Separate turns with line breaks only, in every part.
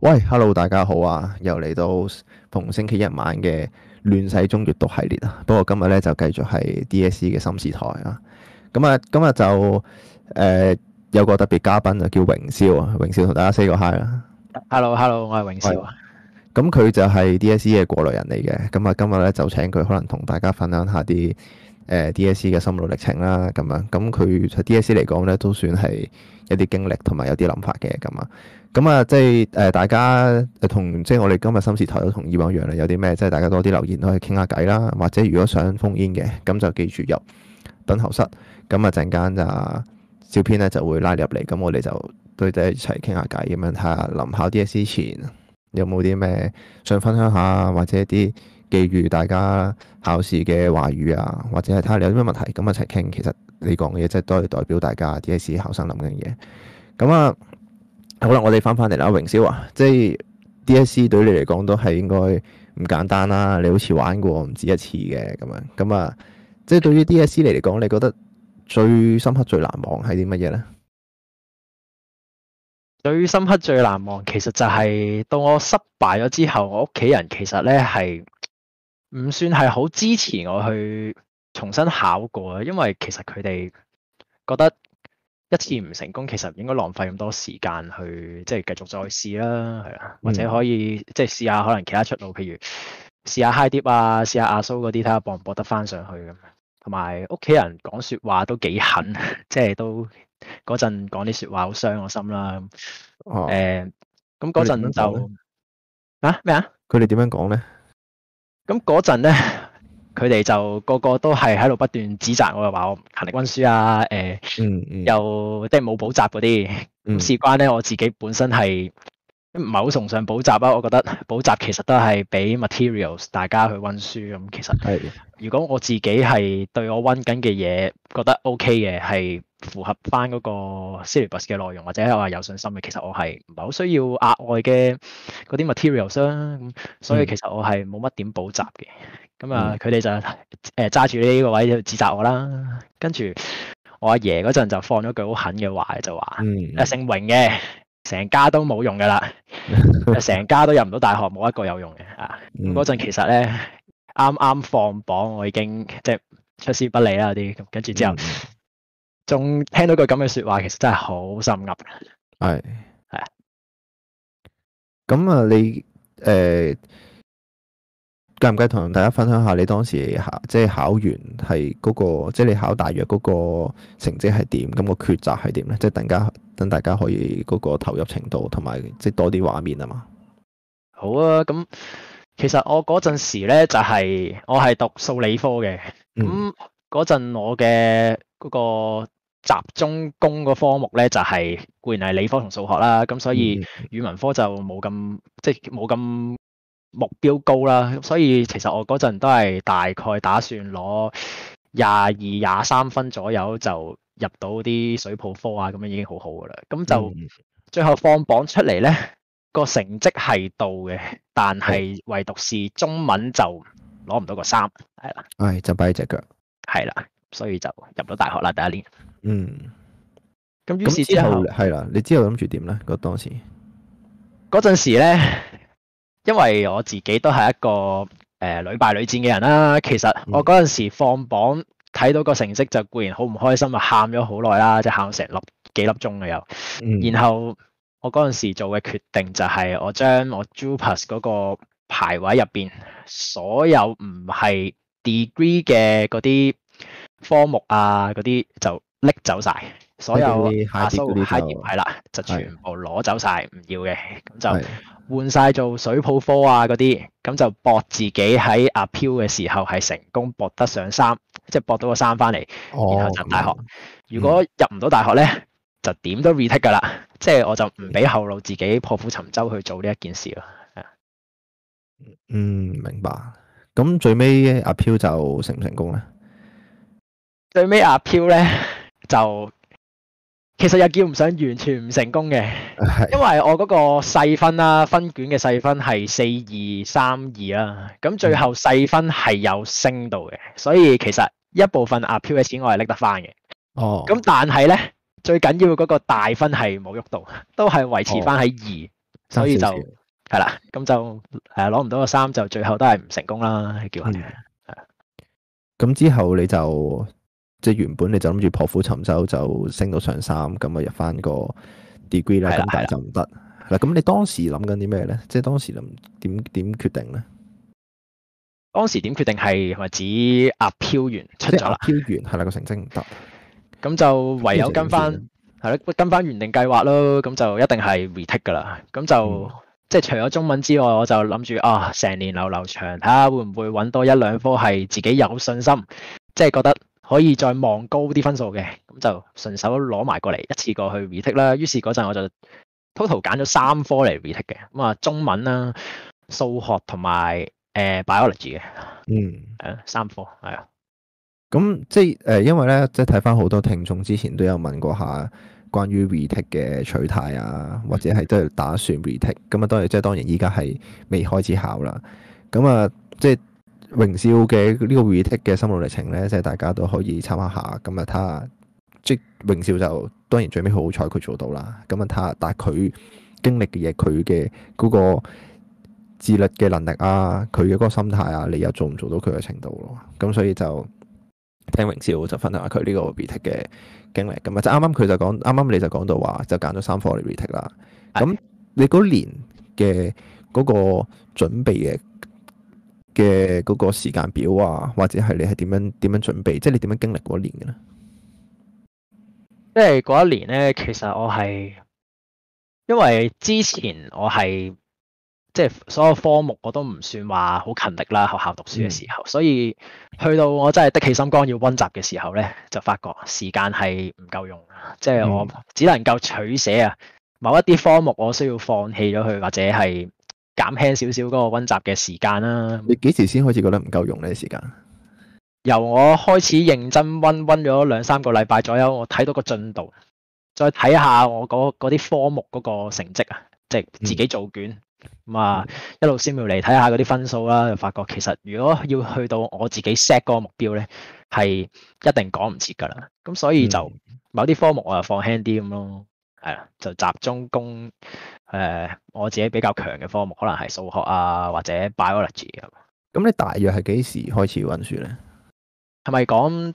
喂，hello，大家好啊，又嚟到逢星期一晚嘅亂世中閱讀系列啊，不過今日咧就繼續係 DSE 嘅心事台啊，咁啊，今日就誒、呃、有個特別嘉賓啊，叫榮少啊，榮少同大家 say 個 hi 啦
，hello，hello，我係榮少啊，
咁佢、嗯、就係 DSE 嘅過來人嚟嘅，咁啊，今日咧就請佢可能同大家分享下啲。誒、呃、DSE 嘅心路歷程啦，咁樣咁佢喺、嗯、DSE 嚟講咧，都算係一啲經歷同埋有啲諗法嘅，咁啊，咁啊，即係誒大家同、呃、即係我哋今日心事台都同以往一樣啦，有啲咩即係大家多啲留言可以傾下偈啦，detail，或者如果想封煙嘅，咁就記住入等候室，咁啊陣間就照片咧就會拉入嚟，咁我哋就對第一齊傾下偈，咁樣睇下臨考 DSE 前有冇啲咩想分享下，或者啲寄語大家。考試嘅話語啊，或者係睇下你有啲咩問題，咁一齊傾。其實你講嘅嘢即係都係代表大家 DSE 考生諗緊嘢。咁啊，好啦，我哋翻返嚟啦，榮少啊，即係 DSE 對你嚟講都係應該唔簡單啦，啊。你好似玩過唔止一次嘅咁樣。咁啊，即係對於 DSE 嚟講，你覺得最深刻最難忘係啲乜嘢咧？
最深刻最難忘其實就係、是、到我失敗咗之後，我屋企人其實咧係。唔算係好支持我去重新考過啊，因為其實佢哋覺得一次唔成功，其實唔應該浪費咁多時間去即係繼續再試啦，係啊，或者可以即係試下可能其他出路，譬如試下 high dip 啊，試下阿蘇嗰啲，睇下博唔博得翻上去咁。同埋屋企人講說話都幾狠，即係都嗰陣講啲說話好傷我心啦。哦，誒，咁嗰陣就
啊咩啊？佢哋點樣講咧？那那
咁嗰陣咧，佢哋就個個都係喺度不斷指責我，又話我勤力温書啊，誒、呃，嗯嗯、又即係冇補習嗰啲。事關咧，我自己本身係唔係好崇尚補習啊？我覺得補習其實都係俾 materials 大家去温書咁。其實
係
如果我自己係對我温緊嘅嘢覺得 OK 嘅，係。符合翻嗰個 syllabus 嘅內容，或者我話有信心嘅，其實我係唔係好需要額外嘅嗰啲 materials 咁、嗯、所以其實我係冇乜點補習嘅。咁、嗯、啊，佢哋就誒揸住呢個位指責我啦。跟住我阿爺嗰陣就放咗句好狠嘅話，就話：嗯、啊，姓榮嘅成家都冇用噶啦，成 家都入唔到大學，冇一個有用嘅啊！咁嗰陣其實咧，啱啱放榜，我已經即係出師不利啦啲。跟住之後。嗯仲聽到佢咁嘅説話，其實真係好心噏。係，
係啊，咁啊的，你誒計唔計同大家分享下你當時你考即係、就是、考完係嗰個，即係你考大約嗰個成績係點？咁、那個抉擇係點咧？即係更加等大家可以嗰個投入程度同埋即係多啲畫面啊嘛。
好啊，咁其實我嗰陣時咧就係、是、我係讀數理科嘅，咁嗰陣我嘅嗰、那個。集中攻個科目咧，就係、是、固然係理科同數學啦，咁所以語文科就冇咁即係冇咁目標高啦。所以其實我嗰陣都係大概打算攞廿二廿三分左右就入到啲水泡科啊，咁樣已經好好噶啦。咁就最後放榜出嚟咧，個成績係到嘅，但係唯獨是中文就攞唔到個三，係啦，
係、哎、就跛一隻腳，係啦，
所以就入唔到大學啦，第一年。
嗯，咁於是之後係啦，你之後諗住點咧？當時
陣時咧，因為我自己都係一個誒屢、呃、敗屢戰嘅人啦、啊。其實我陣時放榜睇、嗯、到個成績就固然好唔開心啊，喊咗好耐啦，即係喊成粒幾粒鐘嘅又。嗯、然後我陣時做嘅決定就係我將我 JUPAS 個排位入邊，所有唔係 degree 嘅啲科目啊，啲就。拎走晒所有阿蘇嗰啲哈葉係啦，就，就是，就全部攞走晒，唔是要嘅，咁就換晒做水泡科啊嗰啲，咁就搏自己喺阿飄嘅時候係成功，搏得上三，即係搏到個三返嚟，然後入大學。如果入唔到大學咧，就點都 retake 噶啦，即，就，係，是，我就唔俾後路，自己破釜沉舟去做呢一件事咯。嗯，
明白。咁最尾阿飄就成唔成功咧？
最尾阿飄咧？就其實又叫唔上完全唔成功嘅，的因為我嗰個細分啦、啊，分卷嘅細分係四二三二啦，咁最後細分係有升到嘅，所以其實一部分啊 P.S. 我係拎得翻嘅，哦，咁但係咧最緊要嗰個大分係冇喐到，都係維持翻喺二，
所以就
係啦，咁的就誒攞唔到個三就最後都係唔成功啦，係叫佢，係
咁的之後你就。即係原本你就諗住破釜沉舟，就升到上三咁啊，入翻個 degree 啦的。咁但係就唔得啦。咁的你當時諗緊啲咩咧？即係當時諗點點決定咧？
當時點決定係咪指阿飄完出咗啦？飄
完係啦，個成績唔得，
咁就唯有跟翻係咯，跟翻原定計劃咯。咁就一定係 retake 噶啦。咁就、嗯、即係除咗中文之外，我就諗住啊，成、哦、年流流長睇下會唔會搵多一兩科係自己有信心，即、就、係、是、覺得。可以再望高啲分數嘅，咁就順手攞埋過嚟一次過去 retake 啦。於是嗰陣我就 total 揀咗三科嚟 retake 嘅，咁啊中文啦、數學同埋誒 biology 嘅，嗯，係啊，
三科係啊。咁即係誒、呃，因為咧即係睇翻好多聽眾之前都有問過下關於 retake 嘅取態啊，或者係都係打算 retake，咁啊、嗯、當然即係當然依家係未開始考啦，咁啊即係。榮少嘅呢個 retake 嘅心路歷程咧，即係大家都可以參考下。咁啊，睇下即係榮少就當然最尾好彩佢做到啦。咁啊，睇下但係佢經歷嘅嘢，佢嘅嗰個自律嘅能力啊，佢嘅嗰個心態啊，你又做唔做到佢嘅程度咯？咁所以就聽榮少就分享下佢呢個 retake 嘅經歷。咁啊，就啱啱佢就講，啱啱你就講到話就揀咗三科嚟 retake 啦。咁你嗰年嘅嗰個準備嘅。嘅嗰個時間表啊，或者係你係點樣點樣準備？即係你點樣經歷嗰一年嘅咧？
即係嗰一年咧，其實我係因為之前我係即係所有科目我都唔算話好勤力啦，學校讀書嘅時候，嗯、所以去到我真係的起心肝要温習嘅時候咧，就發覺時間係唔夠用，即係我只能夠取捨啊，某一啲科目我需要放棄咗佢，或者係。減輕少少嗰個温習嘅時
間啦。你幾時先開始覺得唔夠用呢啲時間？
由我開始認真温温咗兩三個禮拜左右，我睇到個進度，再睇下我嗰啲科目嗰個成績啊，即係自己做卷咁啊、嗯嗯嗯，一路先要嚟睇下嗰啲分數啦。就發覺其實如果要去到我自己 set 嗰個目標呢，係一定趕唔切㗎啦。咁所以就某啲科目我就放輕啲咁咯，係啦，就集中攻。誒，uh, 我自己比較強嘅科目可能係數學啊，或者
biology 啊。咁你大約係幾時開始溫書咧？
係咪講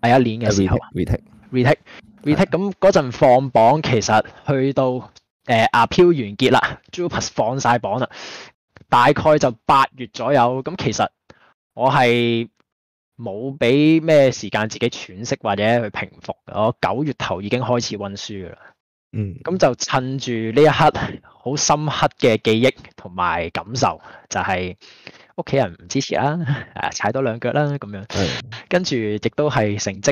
第一年嘅時候？retake，retake，retake，啊。咁嗰陣放榜，其實去到誒、呃、阿飄完結啦，JUPAS 放晒榜啦，大概就八月左右。咁其實我係冇俾咩時間自己喘息或者去平復。我九月頭已經開始溫書啦。嗯，咁就趁住呢一刻好深刻嘅記憶同埋感受，就係屋企人唔支持啦、啊，誒、啊、踩多兩腳啦、啊、咁樣，嗯、跟住亦都係成績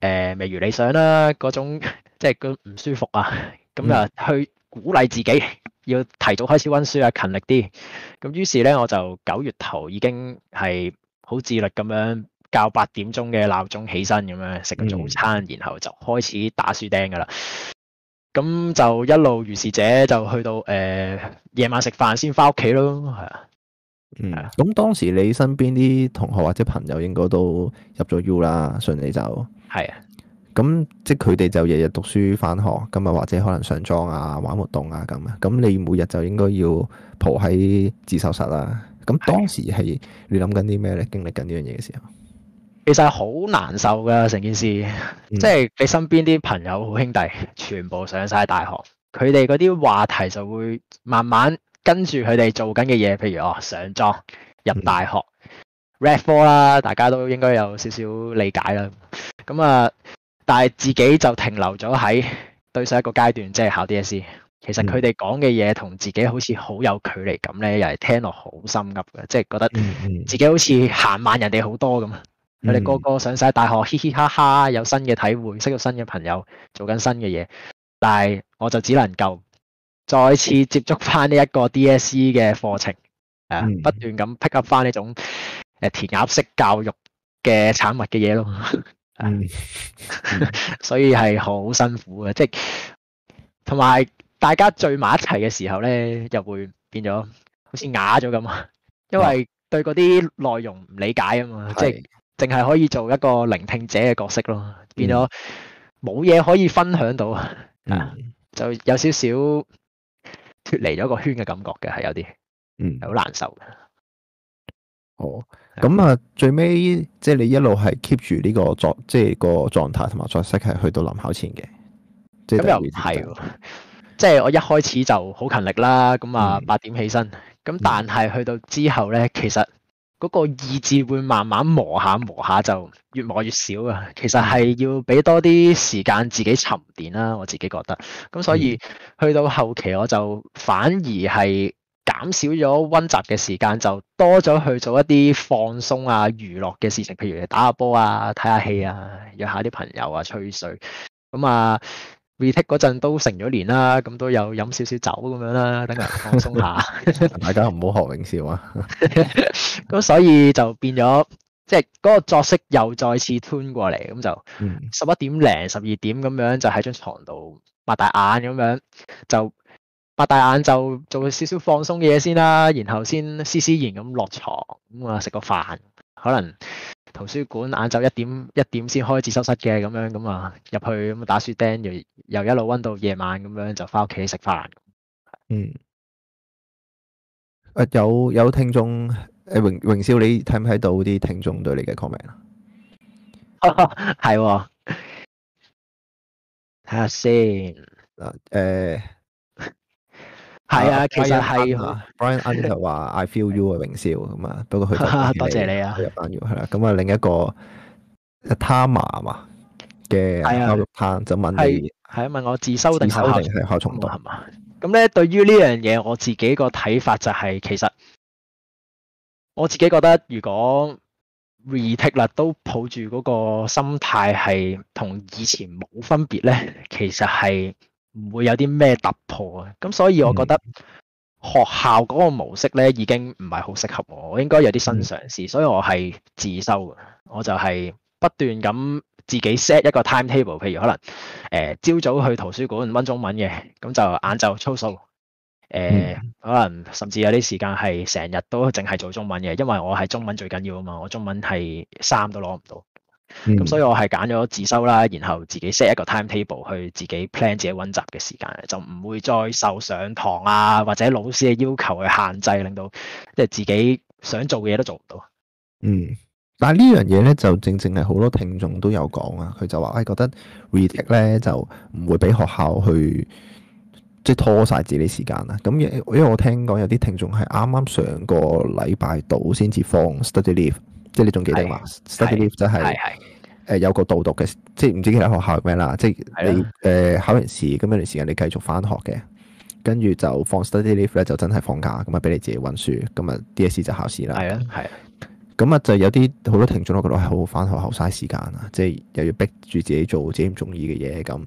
誒未、呃、如理想啦、啊，嗰種即係佢唔舒服啊，咁啊去鼓勵自己要提早開始溫書啊，勤力，啲，咁於是咧我就九月頭已經係好自律咁樣，較八點鐘嘅鬧鐘起身咁樣食個早餐，嗯、然後就開始打書釘噶啦。咁就一路如是者，就去到誒夜、呃、晚食飯先，翻屋企咯，係啊，嗯，
咁、啊、當時你身邊啲同學或者朋友應該都入咗 U 啦，順利就係啊，咁即係佢哋就日日讀書翻學，咁啊或者可能上莊啊玩活動啊咁啊，咁你每日就應該要蒲喺自修室啦。咁當時係你諗緊啲咩咧？經歷緊呢樣嘢嘅時候？
其實好難受噶，成件事，嗯、即係你身邊啲朋友、好兄弟，全部上晒大學，佢哋嗰啲話題就會慢慢跟住佢哋做緊嘅嘢，譬如哦上莊入大學 rap 啦，大家都應該有少少理解啦。咁、嗯、啊，但係自己就停留咗喺對上一個階段，即、就、係、是、考 DSE。其實佢哋講嘅嘢同自己好似好有距離感咧，又係聽落好心急嘅，即係覺得自己好似行慢人哋好多咁。佢哋個個上晒大學，嘻嘻哈哈，有新嘅體會，識到新嘅朋友，做緊新嘅嘢。但係我就只能夠再次接觸翻呢一個 DSE 嘅課程，誒、嗯，不斷咁 pick up 翻呢種誒填鴨式教育嘅產物嘅嘢咯。嗯嗯、 所以係好辛苦嘅，即係同埋大家聚埋一齊嘅時候咧，又會變咗好似啞咗咁啊，因為對嗰啲內容唔理解啊嘛，即係、嗯。就是淨係可以做一個聆聽者嘅角色咯，變咗冇嘢可以分享到，嗯、 就有少少脫離咗個圈嘅感覺嘅，係有啲，嗯，係好難受嘅。
哦，咁啊，最尾即係你一路係 keep 住呢個狀，即係個狀態同埋作息係去到臨考前嘅，即係咁又係，
即係我一開始就好勤力啦，咁啊八點起身，咁但係去到之後咧，其實。嗰個意志會慢慢磨下磨下就越磨越少啊！其實係要俾多啲時間自己沉澱啦、啊，我自己覺得。咁所以、嗯、去到後期我就反而係減少咗溫習嘅時間，就多咗去做一啲放鬆啊、娛樂嘅事情，譬如打下波啊、睇下戲啊、約下啲朋友啊吹水。咁啊～retake 嗰陣都成咗年啦，咁都有飲少少酒咁樣啦，等人放鬆下。
大家唔好學永少啊。
咁 所以就變咗，即係嗰個作息又再次 turn 過嚟，咁就十一點零、十二點咁樣就喺張床度擘大眼咁樣，就擘大眼就做少少放鬆嘅嘢先啦，然後先思思然咁落床，咁啊食個飯，可能。圖書館晏晝一點一點先開自習室嘅，咁樣咁啊入去咁打書釘，又又一路溫到夜晚，咁樣就返屋
企食飯。嗯，誒、
啊、有有聽眾誒榮榮少，你睇唔睇到啲聽眾對你嘅 comment 啊？係、呃，睇下先誒。
係 Brian 啊，其實係 Brian n t 就
話 I feel you 啊，榮少咁啊，不過佢多謝你啊，係、嗯、啦，咁、嗯、啊另一個 Tama 啊嘛嘅牛肉攤就問你，
係啊問我自修定係考定係
考重讀係嘛？
咁咧 對於呢樣嘢，我自己個睇法就係、是，其實我自己覺得如果 retake 啦都抱住嗰個心態係同以前冇分別咧，其實係。唔會有啲咩突破啊，咁所以我覺得學校嗰個模式咧已經唔係好適合我，我應該有啲新嘗試，所以我係自修嘅，我就係不斷咁自己 set 一個 timetable，譬如，可能誒朝早去圖書館溫中文嘅，咁就晏晝操數，誒、呃、可能甚至有啲時間係成日都淨係做中文嘅，因為我係中文最緊要啊嘛，我中文係三都攞唔到。咁、嗯、所以我係揀咗自修啦，然後自己 set 一個 time table 去自己 plan 自己温習嘅時間，就唔會再受上堂啊或者老師嘅要求嘅限制，令到即係自己想做嘅嘢都做唔到。嗯，
但係呢樣嘢咧就正正係好多聽眾都有講啊，佢就話，哎，覺得 read it 咧就唔會俾學校去即係、就是、拖晒自己時間啦。咁因為因為我聽講有啲聽眾係啱啱上個禮拜度先至放 study leave。即係你仲記得嘛的？study leave 真係誒有個導讀嘅，的即係唔知其他學校係咩啦。的即係你誒的、呃、考完試咁一段時間，你繼續翻學嘅，跟住就放 study leave 咧，就真係放假咁啊，俾你自己温書。咁啊，DSE 就考試啦。係啦，係。咁啊，就有啲好多聽眾，都覺得係好翻學好嘥時間啊！即係又要逼住自己做自己唔中意嘅嘢咁。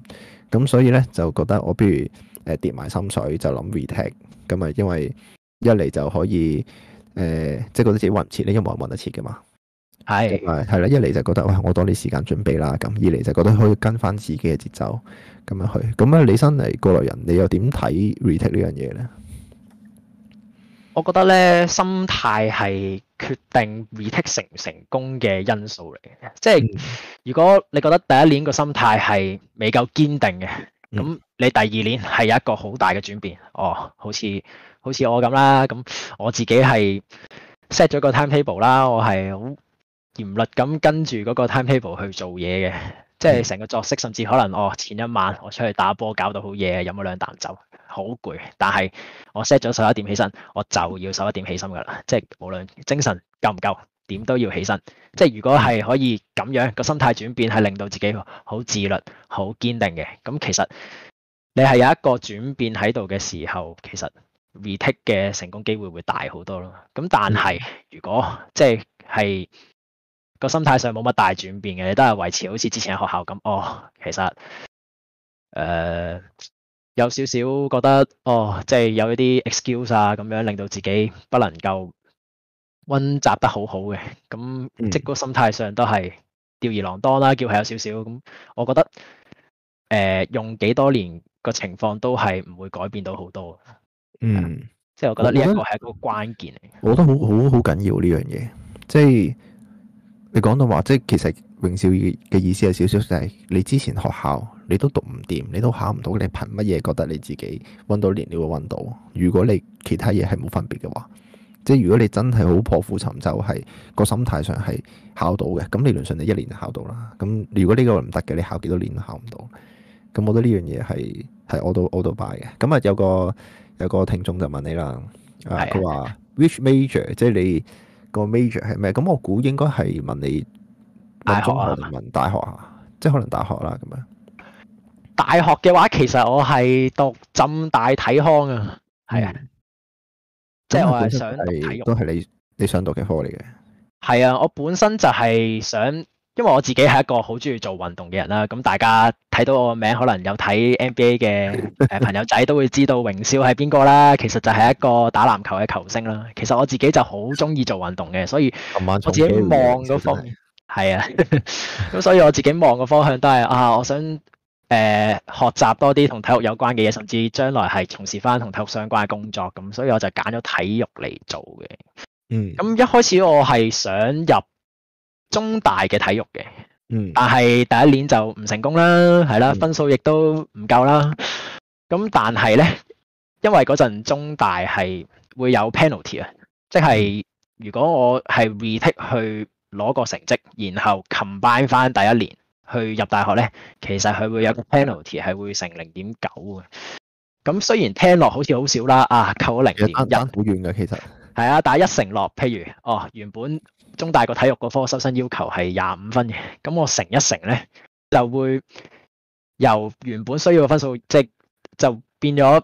咁所以咧就覺得我不如誒、呃、跌埋心水，就諗 retake。咁啊，因為一嚟就可以誒、呃，即係覺得自己温唔切，你冇人温得切嘅嘛。係，係啦，一嚟就覺得，哇，我多啲時間準備啦，咁；二嚟就覺得可以跟翻自己嘅節奏咁樣去。咁啊，你身嚟過來人，你又點睇 retake 呢樣嘢咧？
我覺得咧，心態係決定 retake 成唔成功嘅因素嚟嘅。即係如果你覺得第一年個心態係未夠堅定嘅，咁你第二年係有一個好大嘅轉變。哦，好似好似我咁啦，咁我自己係 set 咗個 time table 啦，我係好。嚴律咁跟住嗰個 time table 去做嘢嘅，即係成個作息，甚至可能我、哦、前一晚我出去打波，搞到好夜，飲咗兩啖酒，好攰。但係我 set 咗十一點起身，我就要十一點起身㗎啦。即係無論精神夠唔夠，點都要起身。即係如果係可以咁樣、個心態轉變，係令到自己好自律、好堅定嘅。咁其實你係有一個轉變喺度嘅時候，其實 retake 嘅成功機會會大好多咯。咁但係如果即係係，個心態上冇乜大轉變嘅，你都係維持好似之前喺學校咁。哦，其實誒、呃、有少少覺得哦，即、就、係、是、有一啲 excuse 啊，咁樣令到自己不能夠溫習得好好嘅。咁、嗯嗯、即係個心態上都係吊兒郎當啦，叫係有少少。咁我覺得誒、呃、用幾多年個情況都係唔會改變到好多嗯嗯。
嗯，
即係我
覺得呢一個係一個關鍵嚟。
我覺得好好好緊要呢樣嘢，即係。你講到話，即係其實榮少嘅意思係少少就係，你之前學校你都讀唔掂，你都考唔到，你憑乜嘢覺得你自己溫到一年你會溫到？如果你其他嘢係冇分別嘅話，即係如果你真係好破釜沉舟，係、個心態上係考到嘅，咁理論上你一年就考到啦。咁如果呢個唔得嘅，你考幾多年都考唔到。咁我覺得呢樣嘢係係我都我都 by 嘅。咁啊有個有個聽眾就問你啦，佢話 Which major 即係你。個 major 係咩？咁我估應該係問你大學，問大學，即係可能大學啦咁樣。大
學嘅話，其實我係讀浸大體康啊，
係啊，即係我係想體育都係你你想讀嘅科嚟嘅。
係啊，我本身就係想。因為我自己係一個好中意做運動嘅人啦，咁大家睇到我個名，可能有睇 NBA 嘅誒朋友仔都會知道榮少係邊個啦。 其實就係一個打籃球嘅球星啦。其實我自己就好中意做運動嘅，所以我自己望個方向，係啊，咁所以我自己望個方向都係啊，我想誒、呃、學習多啲同體育有關嘅嘢，甚至將來係從事翻同體育相關嘅工作咁，所以我就揀咗體育嚟做嘅。嗯，咁一開始我係想入。中大嘅體育嘅，嗯，但係第一年就唔成功啦，係啦，嗯、分數亦都唔夠啦。咁但係咧，因為嗰陣中大係會有 penalty 啊，即係如果我係 retake 去攞個成績，然後 combine 翻第一年去入大學咧，其實佢會有個 penalty 係會成零點九嘅。咁雖然聽落好似好少啦，啊，扣咗零點一好遠嘅其實。係啊，但係一乘落，譬如哦，原本。中大個體育嗰科收生要求係廿五分嘅，咁我乘一乘咧就會由原本需要嘅分數，即就變咗，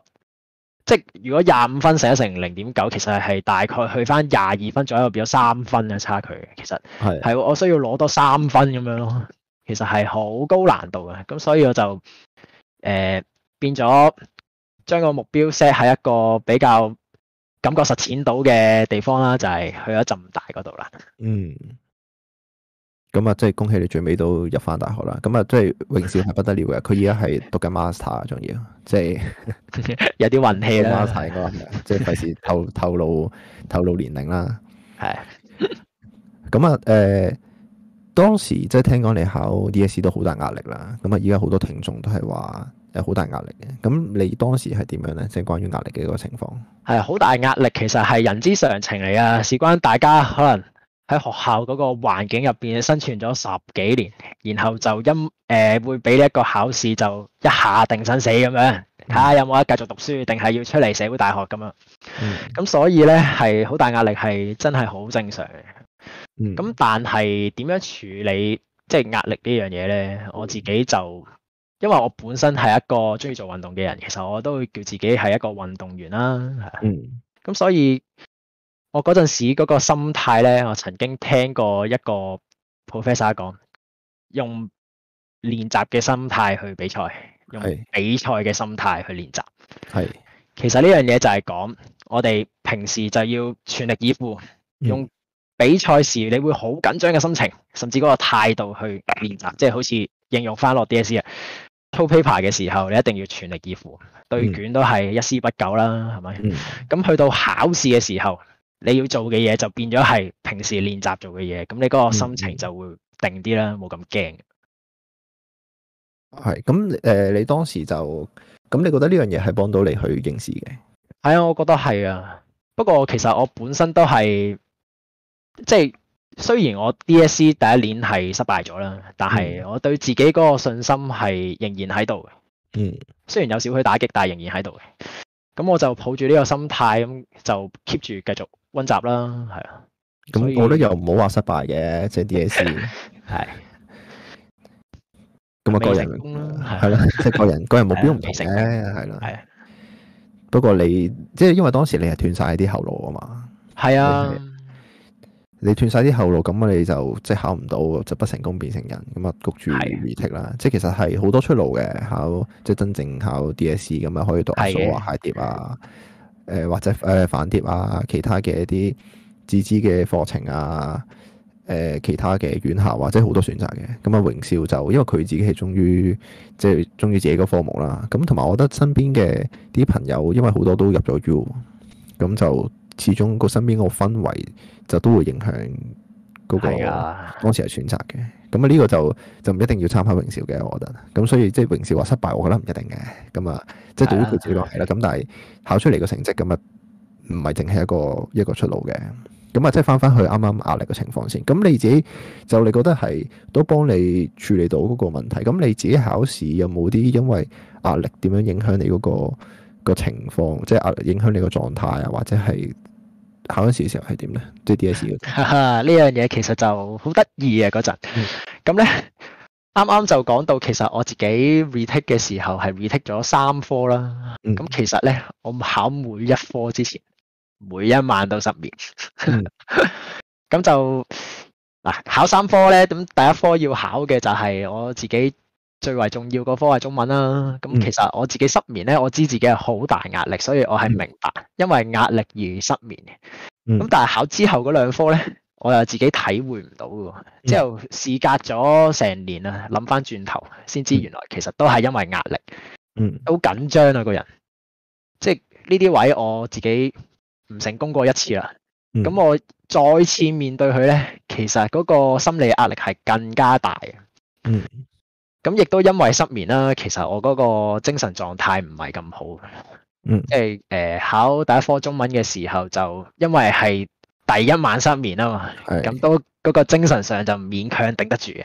即如果廿五分乘一成零點九，其實係大概去返廿二分左右，變咗三分嘅差距嘅。其實係是我需要攞多三分咁樣咯，其實係好高難度嘅，咁所以我就誒、呃、變咗將個目標 set 喺一個比較。感覺實踐到嘅地方啦，就係去咗浸大嗰度啦。嗯，
咁啊，即係恭喜你最尾都入翻大學啦。咁啊，就是，即係榮少係不得了嘅，佢而家係讀緊 master 仲要，即、就、係、是、 有啲運氣啦。即係費事透透露透露年齡啦。係。 咁啊，誒，當時即係聽講你考 DSE 都好大壓力啦。咁啊，而家好多聽眾都係話。有好大壓力嘅，咁你當時係點樣咧？即、就、係、是、關於壓力嘅一個情況。
係好大壓力，其實係人之常情嚟啊！事關大家可能喺學校嗰個環境入邊生存咗十幾年，然後就因誒、呃、會俾呢一個考試就一下定生死咁樣，睇下有冇得繼續讀書，定係要出嚟社會大學咁樣。咁、嗯、所以咧係好大壓力，係真係好正常嘅。咁、嗯、但係點樣處理即係、就是、壓力呢樣嘢咧？我自己就。因為我本身係一個中意做運動嘅人，其實我都會叫自己係一個運動員啦。嗯。咁所以，我嗰陣時嗰個心態咧，我曾經聽過一個 professor 講，用練習嘅心態去比賽，用比賽嘅心態去練習。係的。其實呢樣嘢就係講，我哋平時就要全力以赴，嗯、用比賽時你會好緊張嘅心情，甚至嗰個態度去練習，即係好似應用翻落 D.S.E. 啊。做 paper 嘅時候，你一定要全力以赴，對卷都係一絲不苟啦，係咪、嗯？咁去到考試嘅時候，你要做嘅嘢就變咗係平時練習做嘅嘢，咁你嗰個心情就會定啲啦，冇咁驚。
係，咁誒，你當時就，咁你覺得呢樣嘢係幫到你去應試嘅？係啊，我覺
得係啊。不過其實我本身都係，即係。雖然我 DSE 第一年係失敗咗啦，但係我對自己嗰個信心係仍然喺度嘅。嗯，雖然有少許打擊，但係仍然喺度嘅。咁我就抱住呢個心態，咁就 keep 住繼續溫習啦。係啊，
咁我覺得又唔好話失敗嘅，即係 DSE 係。咁啊，個人係咯，即係個人個人目標唔同嘅係咯。係啊，不過你即係因為當時你係斷晒啲後路啊嘛。係啊。你斷晒啲後路，咁啊你就即係考唔到，就不成功變成人，咁啊焗住預剔啦。的即係其實係好多出路嘅，考即係真正考 DSE，咁啊可以讀 Asso 鞋碟啊，誒或者誒、呃、反碟啊，其他嘅一啲自資嘅課程啊，誒、呃、其他嘅院校或者好多選擇嘅。咁、嗯、啊榮少就因為佢自己係忠於即係忠於自己個科目啦。咁同埋我覺得身邊嘅啲朋友，因為好多都入咗 U，咁就。始終個身邊個氛圍就都會影響嗰個當時嘅選擇嘅，咁啊呢個就就唔一定要參考榮少嘅，我覺得，咁所以即係榮少話失敗，我覺得唔一定嘅，咁啊即係對於佢自己落嚟啦。咁、啊、但係考出嚟個成績，咁啊唔係淨係一個一個出路嘅，咁啊即係翻翻去啱啱壓力嘅情況先，咁你自己就你覺得係都幫你處理到嗰個問題，咁你自己考試有冇啲因為壓力點樣影響你嗰個個情況，即係壓力影響你個狀態啊，或者係？考嗰時嘅時候係點咧？即係 DSE
呢樣嘢其實就好得意啊！嗰陣咁咧，啱啱 就講到，其實我自己 retake 嘅時候係 retake 咗三科啦。咁 其實咧，我考每一科之前，每一晚都失眠。咁 就嗱，考三科咧，咁第一科要考嘅就係我自己。最為重要嗰科係中文啦，啊，咁其實我自己失眠咧，我知自己係好大壓力，所以我係明白因為壓力而失眠嘅。咁、嗯、但係考之後嗰兩科咧，我又自己體會唔到嘅。之後事隔咗成年啦，諗翻轉頭先知，原來其實都係因為壓力，嗯，好緊張啊個人，即係呢啲位我自己唔成功過一次啦。咁、嗯、我再次面對佢咧，其實嗰個心理壓力係更加大嘅，嗯。咁亦都因為失眠啦，其實我嗰個精神狀態唔係咁好，嗯，即係誒考第一科中文嘅時候，就因為係第一晚失眠啊嘛，咁是都嗰、嗰個精神上就勉強頂得住嘅，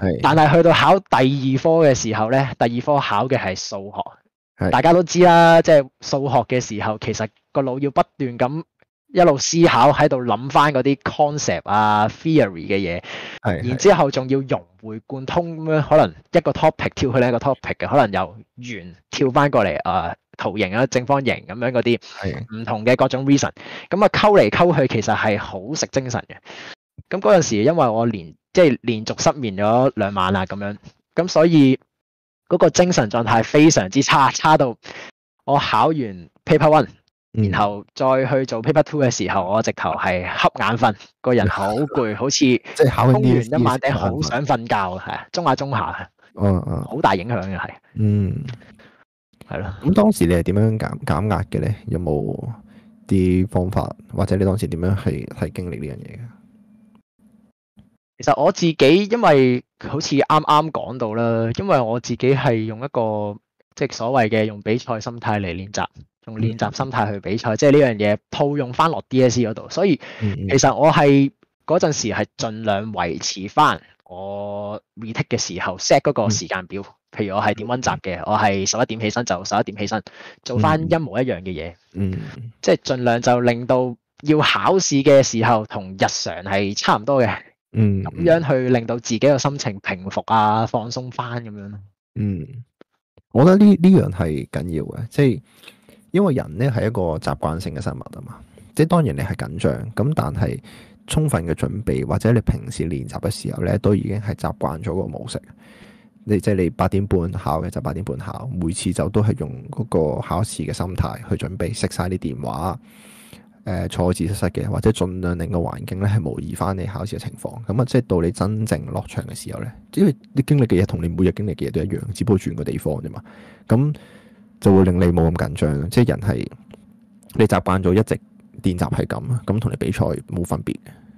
是但係去到考第二科嘅時候咧，第二科考嘅係數學，是大家都知啦，即係數學嘅時候，其實個腦要不斷咁。一路思考喺度諗翻嗰啲 concept 啊 theory 嘅嘢，係，然之後仲要融會貫通咁樣，可能一個 topic 跳去另一個 topic 嘅，可能由圓跳翻過嚟啊圖形啊正方形咁樣嗰啲，係，唔同嘅各種 reason，咁啊溝嚟溝去其實係好食精神嘅，咁嗰陣時因為我連即係連續失眠咗兩晚啦咁樣，咁所以嗰個精神狀態非常之差，差到我考完 paper one。嗯、然後再去做 paper two 嘅時候，我直頭係瞌眼瞓，個人 好攰，好似，即係考完一晚頂，好 if 想瞓覺，係中下中下，哦哦、啊，好、啊、大影響嘅係，嗯，
係咯的。咁、嗯、當時你係點樣減減壓嘅咧？有冇啲方法，或者你當時點樣去係經歷呢樣嘢
嘅？其實我自己因為好似啱啱講到啦，因為我自己係用一個即係所謂嘅用比賽心態嚟練習。用練習心態去比賽，即係呢樣嘢套用翻落 DSE 嗰度。所以其實我係嗰陣時係盡量維持翻我 retake 嘅時候 set 嗰個時間表。嗯、譬如我係點温習嘅，我係十一點起身就十一點起身做翻一模一樣嘅嘢、嗯。嗯，即係盡量就令到要考試嘅時候同日常係差唔多嘅、嗯。嗯，咁樣去令到自己嘅心情平復啊，放鬆翻咁樣咯。嗯，
我覺得呢呢樣係緊要嘅，即係。因為人咧係一個習慣性嘅生物啊嘛，即係當然你係緊張，咁但係充分嘅準備或者你平時練習嘅時候咧，都已經係習慣咗個模式。你即係你八點半考嘅就八點半考，每次就都係用嗰個考試嘅心態去準備，熄晒啲電話，誒、呃、坐自修室嘅，或者盡量令個環境咧係模擬返你考試嘅情況。咁、嗯、啊，即係到你真正落場嘅時候咧，因為你經歷嘅嘢同你每日經歷嘅嘢都一樣，只不過轉個地方啫嘛，咁、嗯。嗯就會令你冇咁緊張，即係人係你習慣咗一直練習係咁啊，咁同你比賽冇分別，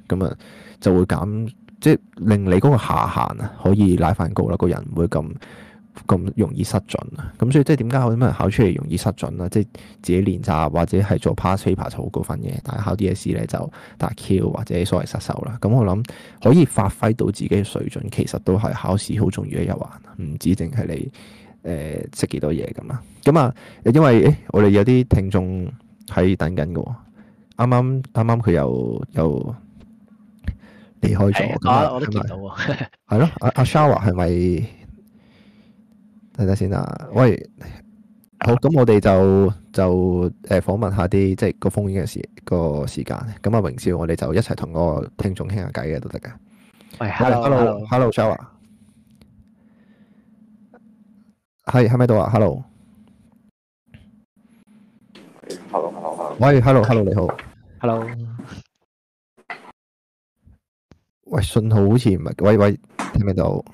咁啊就會減，即係令你嗰個下限啊可以拉翻高啦，個人唔會咁咁容易失準啊，咁所以即係點解有啲乜考出嚟容易失準啦？即係自己練習或者係做 past paper 好高分嘅，但係考 DSE 咧就打 Q 或者所謂失手啦。咁我諗可以發揮到自己嘅水準，其實都係考試好重要嘅一環，唔止淨係你。誒食幾多嘢咁啦？咁啊，因為誒我哋有啲聽眾喺等緊嘅喎，啱啱啱啱佢又又離開咗咁、哎、樣啊！是是我都見到係咯，阿 阿 Shawa 係咪睇睇先啊？喂，好，咁我哋就就誒、呃、訪問下啲即係個風險嘅時、嗰個時間。咁阿榮少，我哋就一齊同個聽眾傾下偈嘅都得㗎。喂，Hello，Hello，Hello，Shawa。係，係咪到啊？Hello，喂，Hello，Hello，你好，Hello，喂，信號好似唔係，喂喂，聽唔聽到？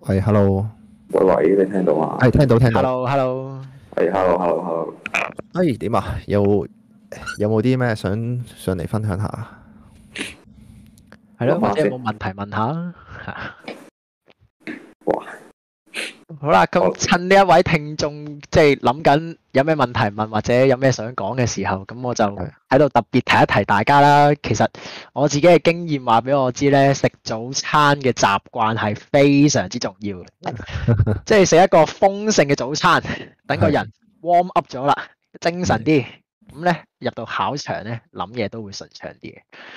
喂，Hello，
喂喂，你聽到啊？係聽到，聽到。Hello，Hello，
係 Hello，Hello，Hello。哎，點啊？有有冇啲咩想上嚟分享下？
係咯，或者有冇
問題問下啊？
好啦，咁趁呢一位聽眾即係諗緊有咩問題問或者有咩想講嘅時候，咁我就喺度特別提一提大家啦。其實我自己嘅經驗話俾我知咧，食早餐嘅習慣係非常之重要， 即係食一個豐盛嘅早餐，等個人 warm up 咗啦，精神啲，咁咧入到考場咧諗嘢都會順暢啲嘅。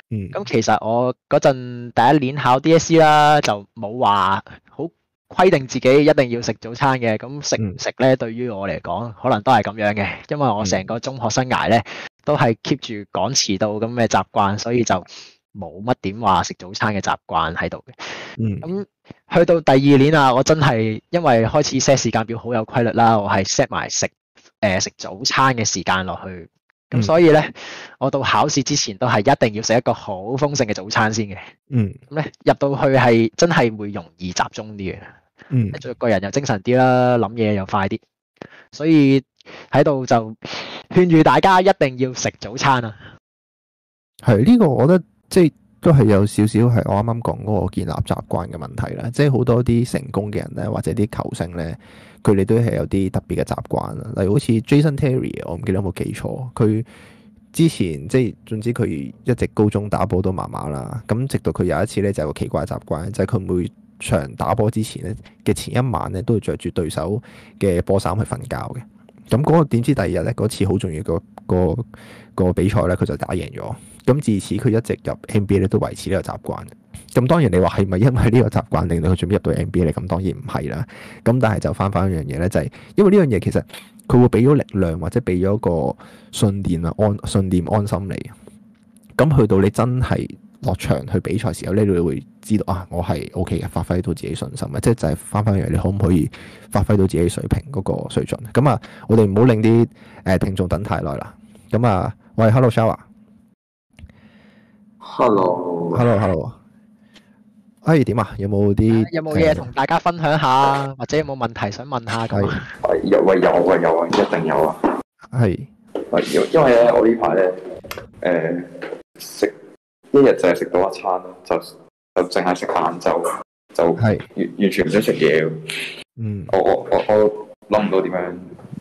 嗯、咁、其實我嗰陣第一年考 DSE 啦，就冇話好。規定自己一定要食早餐嘅，咁食唔食咧？對於我嚟講，可能都係咁樣嘅，因為我成個中學生涯咧，都係 keep 住趕遲到咁嘅習慣，所以就冇乜點話食早餐嘅習慣喺度嘅。嗯，咁去到第二年啊，我真係因為開始 set 時間表好有規律啦，我係 set 埋食誒食早餐嘅時間落去。咁所以咧，我到考試之前都係一定要食一個好豐盛嘅早餐先嘅。嗯，咁咧入到去係真係會容易集中啲嘅。嗯，跟住個人又精神啲啦，諗嘢又快啲。所以喺度就勸喻大家一定要食早餐啊。
係呢個，我覺得即係都係有少少係我啱啱講嗰個建立習慣嘅問題啦。即係好多啲成功嘅人咧，或者啲球星咧。佢哋都係有啲特別嘅習慣啦，例如好似 Jason Terry，我唔記得有冇記錯，佢之前即係總之佢一直高中打波都麻麻啦，咁直到佢有一次咧就係個奇怪嘅習慣，就係、係、佢每場打波之前咧嘅前一晚咧都會着住對手嘅波衫去瞓覺嘅，咁嗰、嗰個點知第二日咧嗰次好重要、嗰個、嗰個比賽咧佢就打贏咗，咁自此佢一直入 NBA 咧都維持呢個習慣。咁當然你話係咪因為呢個習慣令到佢準備入到 NBA？咁當然唔係啦。咁但係就翻翻一樣嘢咧，就是，就係因為呢樣嘢，其實佢會俾咗力量或者俾咗個信念啊，安信念，安心你。咁去到你真係落場去比賽時候呢，你會知道啊，我係 O K 嘅，發揮到自己信心啊，即係就係、是、翻翻樣，你可唔可以發揮到自己水平嗰、那個水準？咁啊，我哋唔好令啲誒聽眾等太耐啦。咁啊，喂
，Hello，Shaw，Hello，Hello，Hello。
Hello 哎點啊？有冇啲有冇嘢同
大家分享下？或者有冇問題想問下佢？
有啊，有啊，有啊，一定有啊。係因因為咧我呢排咧誒食一日就係食到一餐咯，就就淨係食晏就，就係完完全唔想食嘢，嗯我我我我諗唔到點樣、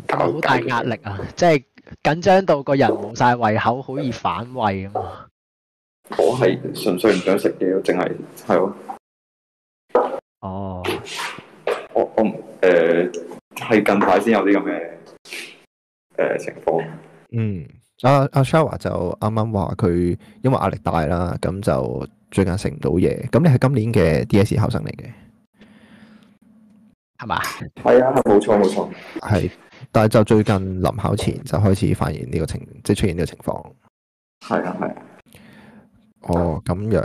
嗯、
好大壓力啊即係緊張到個人冇晒胃口好易反胃啊
我係純粹唔想食嘢，淨係係咯。
啊、哦，我我
誒係、呃、近排先有啲咁嘅誒情況。嗯，
阿阿 Chawa 就啱啱話佢因為壓力大啦，咁就最近食唔到嘢。咁你係今年嘅 DSE 考生嚟嘅，係嘛？
係啊，冇錯冇錯。
係是，但係就最近臨考前就開始發現呢個情，即、就、係、是、出現呢個情況。
係啊，係啊。
哦，咁樣，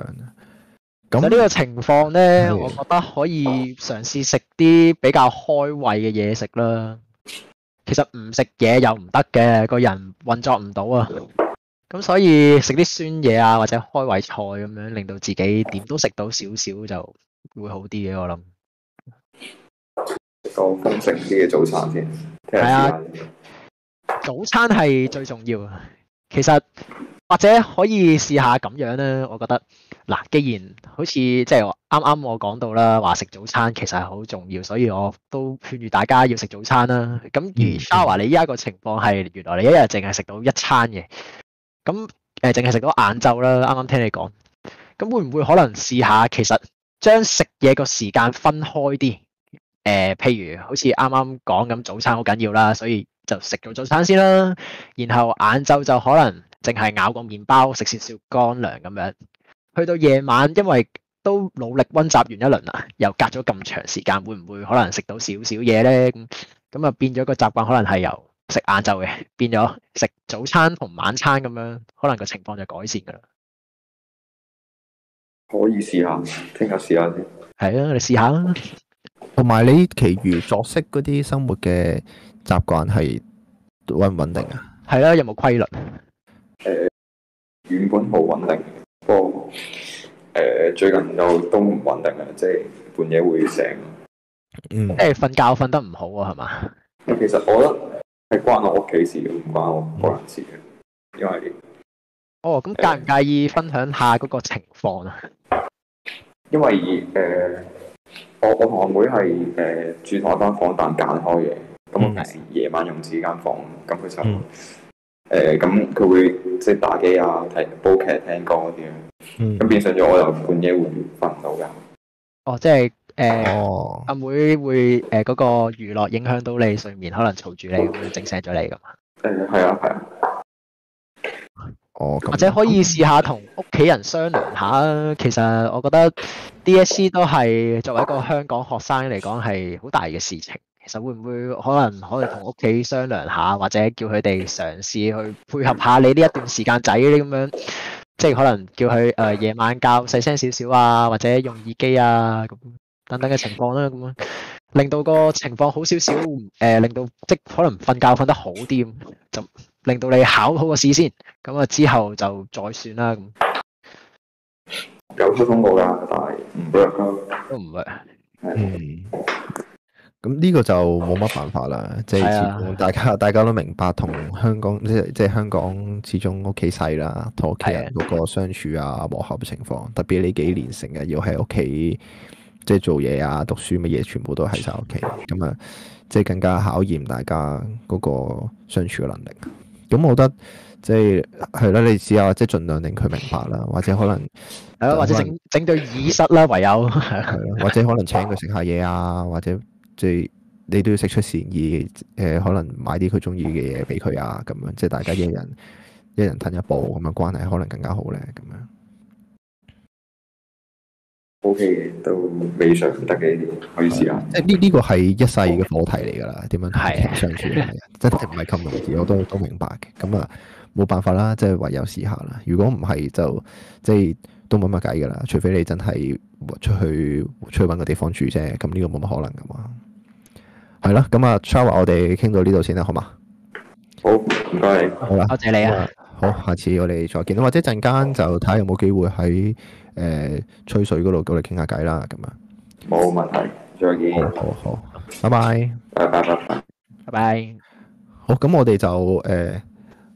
咁呢個情
況呢，嗯、我覺得可以嘗試食啲比較開胃嘅嘢食啦。其實唔食嘢又唔得嘅，個人運作唔到啊。咁所以食啲酸嘢啊，或者開胃菜咁樣，令到自己點都食到少少就會好啲嘅。我
諗食個豐盛啲嘅早餐先，係啊，
早餐係最重要啊。其實。或者可以試下咁樣咧，我覺得嗱，既然好似即係啱啱我講到啦，話食早餐其實係好重要，所以我都勸喻大家要食早餐啦。咁而嘉華你，你依家個情況係原來你一日淨係食到一餐嘅，咁誒淨係食到晏晝啦。啱啱聽你講，咁會唔會可能試下其實將食嘢個時間分開啲？誒、呃，譬如好似啱啱講咁，早餐好緊要啦，所以就食到早餐先啦，然後晏晝就可能，淨係咬個麵包，食少少乾糧咁樣，去到夜晚，因為都努力溫習完一輪啦，又隔咗咁長時間，會唔會可能食到少少嘢咧？咁咁啊變咗個習慣，可能係由食晏晝嘅變咗食早餐同晚餐咁樣，可能個情況就改善噶
啦。可以試下，聽日試下
先。係啊，你試下啦。同埋你其餘作息嗰啲生活嘅習慣係穩唔穩定啊？係啦，有冇規律？誒、
呃、原本好穩定，不過誒最近就都唔穩定啊，即係半夜會醒。嗯，
即係瞓、呃、覺瞓得唔好啊，係嘛？
咁其實我覺得係關我屋企事，唔關我個人事嘅。嗯、因為
哦，咁介唔介意分享下嗰個情況啊、呃？
因為誒、呃，我我同我妹係誒住同一間房，但揀開嘅。咁我平時夜晚用自己房間房，咁佢、嗯、就。嗯誒，咁佢會即係打機啊，睇煲劇、聽歌嗰啲，咁變上咗我又半夜會瞓唔到噶。
哦，即係誒，阿、呃哦、妹，妹會誒嗰、呃那個娛樂影響到你睡眠，可能嘈住你，整醒咗
你噶嘛？誒、嗯，係、嗯、啊，係啊。
哦，或者可以試下同屋企人商量下。其實我覺得 DSE 都係作為一個香港學生嚟講，係好大嘅事情。其實會唔會可能可以同屋企商量下，或者叫佢哋嘗試去配合下你呢一段時間仔咁樣，即係可能叫佢誒夜晚教細聲少少啊，或者用耳機啊咁等等嘅情況啦，咁樣令到個情況好少少，誒、呃、令到即可能瞓覺瞓得好啲，就令到你考好個試先，咁啊之後就再算啦
咁。有溝通過噶，但係唔得唔得，係。
咁呢個就冇乜辦法啦，嗯、即係、啊、大家大家都明白，同香港即係即係香港始終屋企細啦，同屋企人嗰個相處啊磨合嘅情況，特別呢幾年成日要喺屋企即係做嘢啊、讀書乜嘢，全部都喺晒屋企，咁啊即係更加考驗大家嗰個相處嘅能力。咁我覺得即係係啦，你只有即係盡量令佢明白啦，或者可能係啊，或者整整能對耳塞啦，唯有 或者可能請佢食下嘢啊，或者。即係你都要釋出善意，誒、呃、可能買啲佢中意嘅嘢俾佢啊，咁樣即係大家一人一人褪一步咁樣關係，可能更加好咧，咁樣。
O K，都未
上得嘅呢啲，可以試下。即係呢呢個係一世嘅課題嚟㗎啦，點樣, Okay. 樣,樣相處人，即係唔係咁容易，我都都明白嘅。咁啊。冇辦法啦，即係唯有試下啦。如果唔係，就即係都冇乜計噶啦。除非你真係出去出去揾個地方住啫，咁呢個冇乜可能噶嘛。係咯，咁啊，Charles，我哋傾到呢度先啦，好嗎？
好，唔該，好啊，多謝，謝你啊
好。好，下次我哋再見。或者陣間就睇下有冇機會喺誒、呃、吹水嗰度叫你傾下偈啦。咁啊，
冇
問題，再見。好好拜拜，拜拜，拜拜，拜拜。好，咁我哋就誒。呃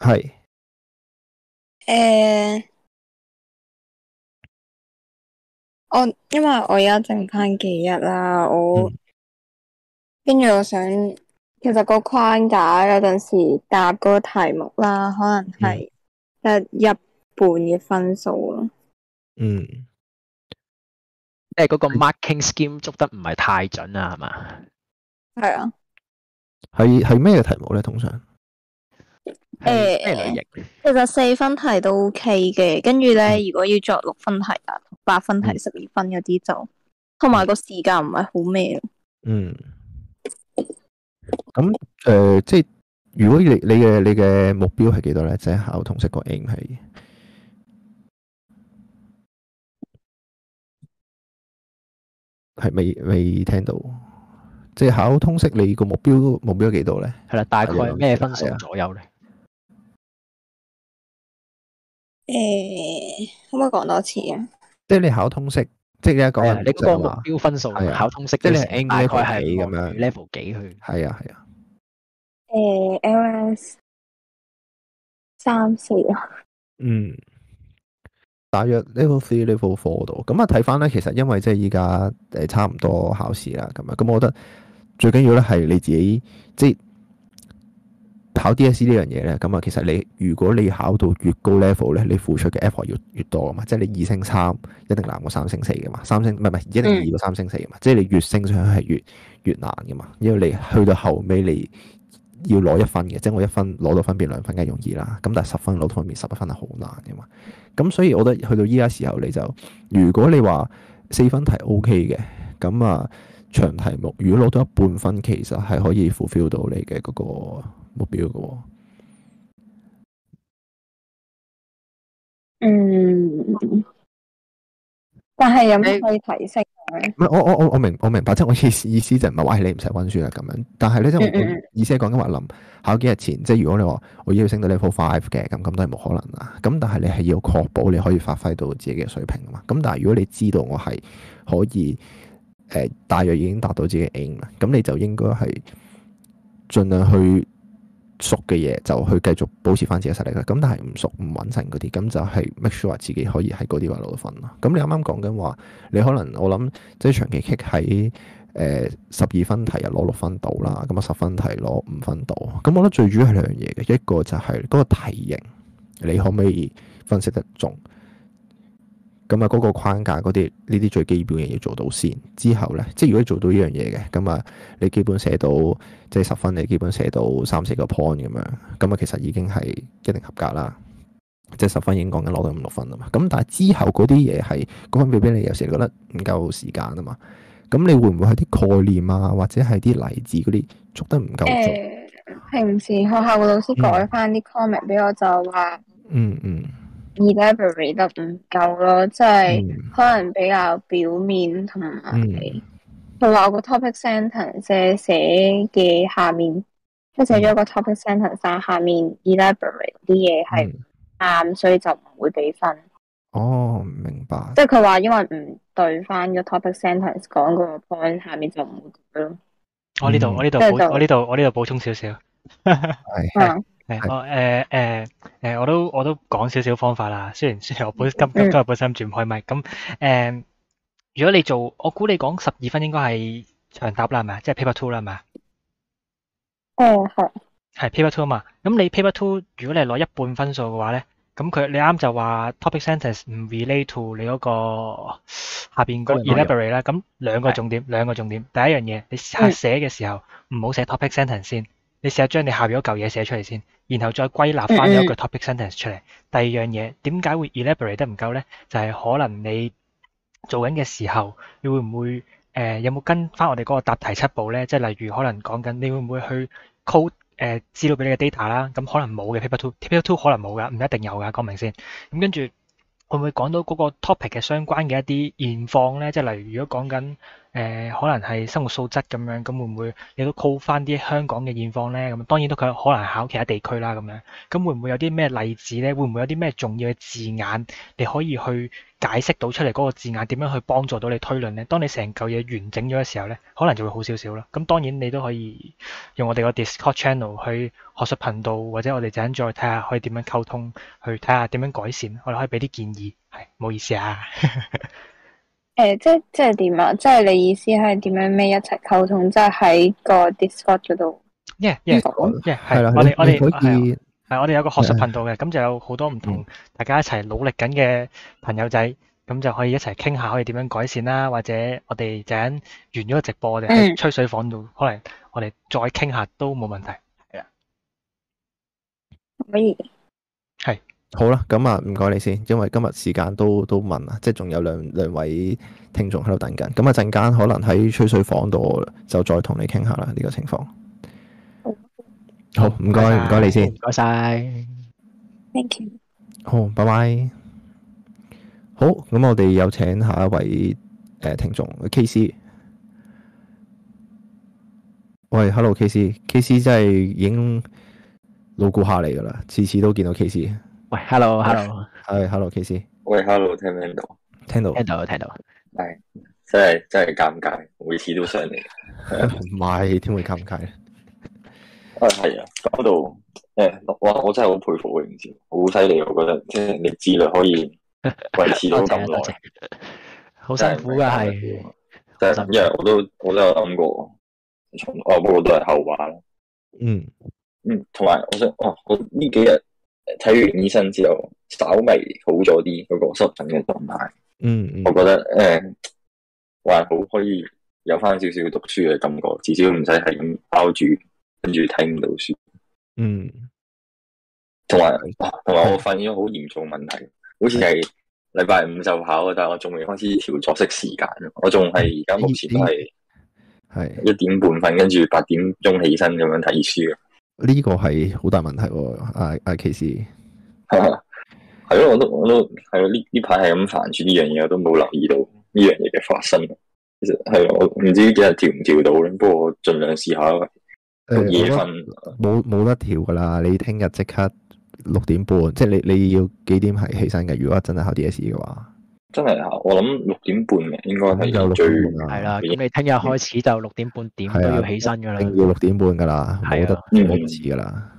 係
誒是、欸，
我因為我而家剩翻幾
日啦，我跟住、嗯、我想，其實個框架有陣時答個題目啦，可能係得一半嘅分數咯。嗯，即、欸、嗰、那個
marking scheme 捉得唔係太準啊，係嘛？
係啊，
係係咩嘅題目咧？通常？
誒、欸，其實四分題都 O K 嘅，跟住咧，嗯、如果要作六分題啊、八分題、十二分嗰啲，就同埋個時間唔係好咩嗯，
咁誒、呃，即係如果你你嘅你嘅目標係幾多咧？即係考通識個 AIM 係係未未聽到，即係考通識你個目標目標幾多咧？係啦，大概咩分數左
右咧？
誒、嗯，可唔可以講多次啊？
即係你考通識，即係你講啊，即係目標分數嚟，啊、考通識，即係你大概係咁樣 level 幾去？係啊係啊。
誒，LS 三四啊，啊
嗯，大約 level three level four 度。咁、嗯、啊，睇翻咧，其實因為即係依家誒差唔多考試啦，咁啊，咁我覺得最緊要咧係你自己即。考 DSE 呢樣嘢咧，咁啊，其實你如果你考到越高 level 咧，你付出嘅 effort 越越多啊嘛。即係你二升三一定難過三升四嘅嘛，三升唔係唔係一定二過三升四嘅嘛。即係你越升上去係越越難嘅嘛。因為你去到後尾，你要攞一分嘅，即係我一分攞到分變兩分梗係容易啦。咁但係十分攞到分變十一分係好難嘅嘛。咁所以，我覺得去到依家時候，你就如果你話四分題 O.K. 嘅，咁啊長題目如果攞到一半分，其實係可以 fulfill 到你嘅嗰個。目標嘅、哦，嗯，但係有咩可以提升、嗯、我我我我明我明白，即係我意思意思就唔係話你唔使溫書啦咁樣。但係咧，即意思嗯嗯，係講緊話臨考幾日前，即係如果你話我要升到 level five 嘅，咁咁都係冇可能啦。咁但係你係要確保你可以發揮到自己嘅水平啊嘛。咁但係如果你知道我係可以，誒、呃，大約已經達到自己 end 啦，咁你就應該係盡量去。熟嘅嘢就去繼續保持翻自己嘅實力啦，咁但係唔熟唔穩陣嗰啲，咁就係 make sure 自己可以喺嗰啲話攞到分咯。咁你啱啱講緊話，你可能我諗即係長期棘喺誒十二分題就攞六分到啦，咁啊十分題攞五分到，咁我覺得最主要係兩樣嘢嘅，一個就係嗰個題型，你可唔可以分析得中？咁啊，嗰個框架嗰啲呢啲最基本嘅嘢要做到先。之後咧，即係如果做到呢樣嘢嘅，咁啊，你基本寫到即係十分，你基本寫到三四個 point 咁樣，咁啊，其實已經係一定合格啦。即係十分已經講緊攞到五六分啊嘛。咁但係之後嗰啲嘢係講俾俾你，有時覺得唔夠時間啊嘛。咁你會唔會係啲概念啊，或者係啲例子嗰啲捉得唔夠、呃、平時
學校嘅老師改翻啲 comment 俾、嗯、我就話、嗯，嗯嗯。elaborate 得唔夠咯，即係可能比較表面，同埋佢話我個 topic sentence 寫寫嘅下面，即係寫咗個 topic sentence，但下面 elaborate 啲嘢係啱，嗯、所以就唔會俾分。
哦，明白。
即係佢話因為唔對翻個 topic sentence 講個 point，下面就唔會咯。
我呢度，我呢度，我呢度，我呢度補充少少。係、 嗯。我誒誒誒，我都我都講少少方法啦。雖然雖然我本今今日本身轉唔開咪咁誒，如果你做，我估你講十二分應該係長答啦，咪即係 Paper Two 啦，係咪啊？係係 Paper Two 啊嘛。咁你 Paper Two，如果你攞一半分數嘅話咧，咁佢你啱就話 topic sentence 唔 relate to 你嗰個下邊嗰個 elaborate 啦。咁兩個重點，兩個重點。第一樣嘢，你寫寫嘅時候唔好寫 topic sentence 先。你試下將你下邊嗰嚿嘢寫出嚟先，然後再歸納翻咗句 topic sentence 出嚟。第二樣嘢，點解會 elaborate 得唔夠呢？就係、是、可能你做緊嘅時候，你會唔會誒、呃、有冇跟翻我哋嗰個答題七步呢？即係例如可能講緊，你會唔會去 code 誒資料俾你嘅 data 啦？咁可能冇嘅 paper two，paper two 可能冇㗎，唔一定有㗎，講明先。咁跟住會唔會講到嗰個 topic 嘅相關嘅一啲現況呢？即係例如如果講緊。誒、呃，可能係生活素質咁樣，咁會唔會你都考翻啲香港嘅現況呢？咁當然都可可能考其他地區啦，咁樣，咁會唔會有啲咩例子呢？會唔會有啲咩重要嘅字眼，你可以去解釋到出嚟嗰個字眼點樣去幫助到你推論呢？當你成嚿嘢完整咗嘅時候呢，可能就會好少少啦。咁當然你都可以用我哋個 Discord channel 去學術頻道，或者我哋陣間再睇下可以點樣溝通，去睇下點樣改善。我哋可以俾啲建議。係、哎，唔好意思啊。
誒，即係即係點啊？即係你意思係點樣咩一齊溝通？即係喺個 Discord 嗰度。
Yeah yeah 係咯，我哋我哋係我哋有個學術頻道嘅，咁的就有好多唔同大家一齊努力緊嘅朋友仔，咁就可以一齊傾下，可以點樣改善啦？或者我哋就喺完咗個直播，我哋喺吹水房度， 可能我哋再傾下都冇問題。係啊，可以。
好啦，咁啊，唔該你先，因為今日時間都都問啊，即係仲有兩兩位聽眾喺度等緊，咁啊陣間可能喺吹水房度就再同你傾下啦，呢個情況。好，唔該唔該你先，
唔該晒，thank you，
好，拜拜。Bye. 好，咁我哋有請下一位誒、呃、聽眾 K C，喂，hello K C，K C 真係已經老顧客嚟㗎啦，次次都見到 K C。喂，hello，hello，係，hello，KC。喂 hello, hello.、Hey, hello,
hey,，hello，聽唔聽到？
聽到、hey, really, really, really
yeah. yeah,，聽、yeah, 到、really really so yeah,，聽到。係，真係真係尷尬，每次
都想嚟。唔係，點會尷尬咧？
啊，係啊，嗰度，誒，哇，我真係好佩服佢，唔知好犀利，我覺得即係你智力可以維持到咁耐，好辛苦噶係。即係，因為我都我都有諗過，從哦，不過都係後話咯。嗯，嗯，同埋我想，哦，我呢幾日。睇完醫生之後，稍微好咗啲嗰個濕疹嘅狀態。嗯，我覺得誒還、呃、好，可以有返少少讀書嘅感覺，至少唔使係咁包住，跟住睇唔到書。嗯，同埋說，同埋的我發現咗好嚴重嘅問題，的好似係禮拜五就考，但係我仲未開始調作息時間，我仲係而家目前都係係一點半瞓，跟住八點鐘起身咁樣睇書嘅。
呢個係好大問題喎，啊啊！其實
係咯，我都我都係啊，呢呢排係咁煩住呢樣嘢，我都冇、啊、留意到呢樣嘢嘅發生。其實係、啊、我唔知幾日調唔調到咧，不過盡量試下。夜瞓
冇冇得調㗎啦，你聽日即刻六點半，即係你你要幾點係起身嘅？如果真係考 DSE 嘅話。
真係啊！我諗六點半嘅，應該聽日最遠啦。係啦，咁你
聽日開始就六點半點都要起身噶啦，
啊、定要六點半噶啦，唔好遲噶啦。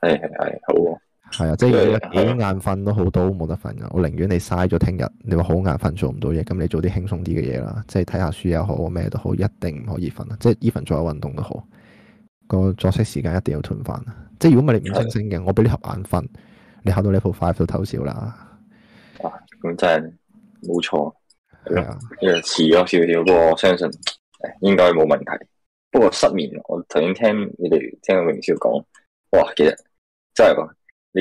係係
係，好、啊。係啊，即係幾眼瞓都好到冇得瞓噶。啊、我寧願你嘥咗聽日。你話好眼瞓做唔到嘢，咁你做啲輕鬆啲嘅嘢啦，即係睇下書又好，咩都好，一定唔可以瞓啊！即係 even 做下運動都好，個作息時間一定要 turn 翻啊！即係如果唔係你唔清醒嘅，我俾你合眼瞓，你考到 level five 都偷笑啦。哇、
啊，咁真係～冇錯，係咯，又遲咗少少，不過我相信，應該冇問題。不過失眠，我頭先聽你哋聽榮少講，哇，其實真係噶，你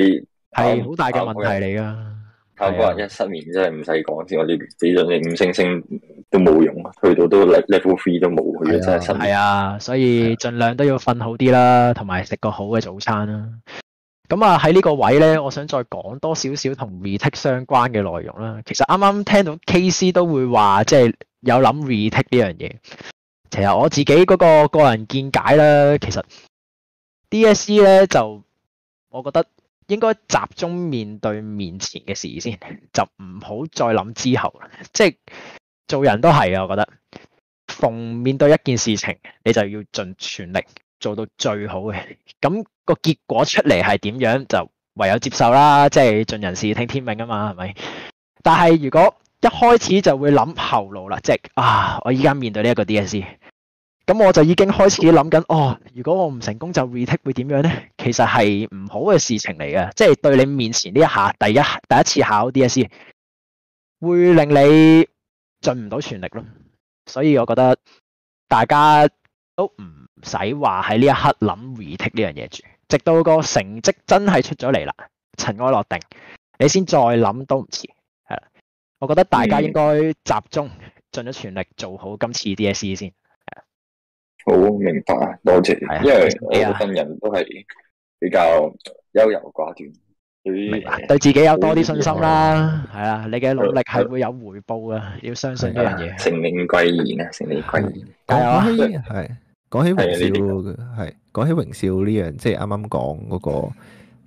係好的大嘅問題嚟噶。
泰國人一失眠真係唔使講，我哋幾多嘢五星星都冇用，去到都 level three 都冇，去到的真係失眠。係啊的，
的所以盡量都要瞓好啲啦，同埋食個好嘅早餐啦。咁啊，喺呢個位咧，我想再講多少少同 retake 相關嘅內容啦。其實啱啱聽到 KC 都會話，即係有諗 retake 呢樣嘢。其實我自己嗰個個人見解啦，其實 DSE 咧就我覺得應該集中面對面前嘅事先，就唔好再諗之後。即係做人都係啊，我覺得逢面對一件事情，你就要盡全力。做到最好嘅，咁個結果出嚟係點樣就唯有接受啦，即係盡人事聽天命啊嘛，係咪？但係如果一開始就會諗後路啦，即係啊，我依家面對呢一個 DSE 咁我就已經開始諗緊哦，如果我唔成功就 retake 會點樣呢？其實係唔好嘅事情嚟嘅，即係對你面前呢一下第一第一次考 DSE 會令你盡唔到全力咯，所以我覺得大家都唔。唔使話喺呢一刻諗 retake 呢樣嘢住，one, 直到個成績真係出咗嚟啦，塵埃落定，你先再諗都唔遲。係啦，我覺得大家應該集中，盡咗、嗯、全力做好今次 DSE
先。好明白，多謝。因為我個人都係比較優柔寡斷，對對自己有多啲信心啦。
係啊，你嘅努力係會有回報噶，要相信呢樣嘢。
成命貴言啊，marvel, 成命貴
言。
加
油啊，係啊，係。講起榮少，係講的起榮少呢樣，即係啱啱講嗰個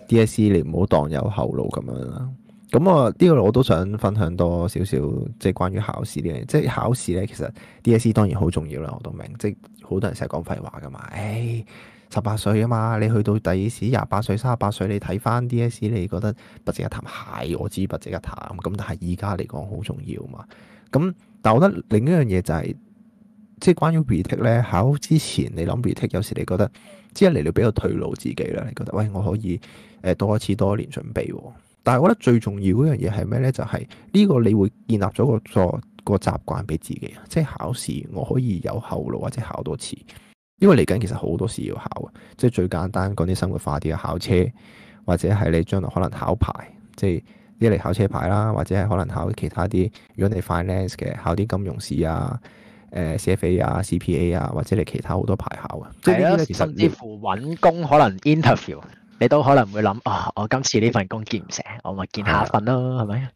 D.S.E.，你唔好當有後路咁樣啦。咁啊，呢個我都想分享多少少，即係關於考試呢樣。即係考試咧，其實 D.S.E. 當然好重要啦，我都明。即係好多人成日講廢話噶嘛，唉、哎，十八歲啊嘛，你去到第二時廿八歲、三十八歲，你睇翻 D.S.E.，你覺得不值一談？係我知不值一談。咁但係依家嚟講好重要嘛。咁但係我覺得另一樣嘢就係、是。即係關於 retake 咧，考之前你諗 retake 有時你覺得即係嚟到比較退路自己啦。你覺得喂，我可以誒、呃、多一次多一年準備、哦。但係我覺得最重要嗰樣嘢係咩咧？就係、是、呢個你會建立咗個作個,個習慣俾自己，即係考試我可以有後路或者考多次。因為嚟緊其實好多事要考啊，即係最簡單講啲生活化啲嘅考車，或者係你將來可能考牌，即係一嚟考車牌啦，或者係可能考其他啲，如果你 finance 嘅考啲金融試啊。誒、呃、CFA 啊、CPA 啊，或者你其他好多牌考啊，係啦實，甚至乎
揾工可能 interview，你都可能會諗：哦「啊，我今次呢份工見唔成，我咪見下一份咯，係咪的？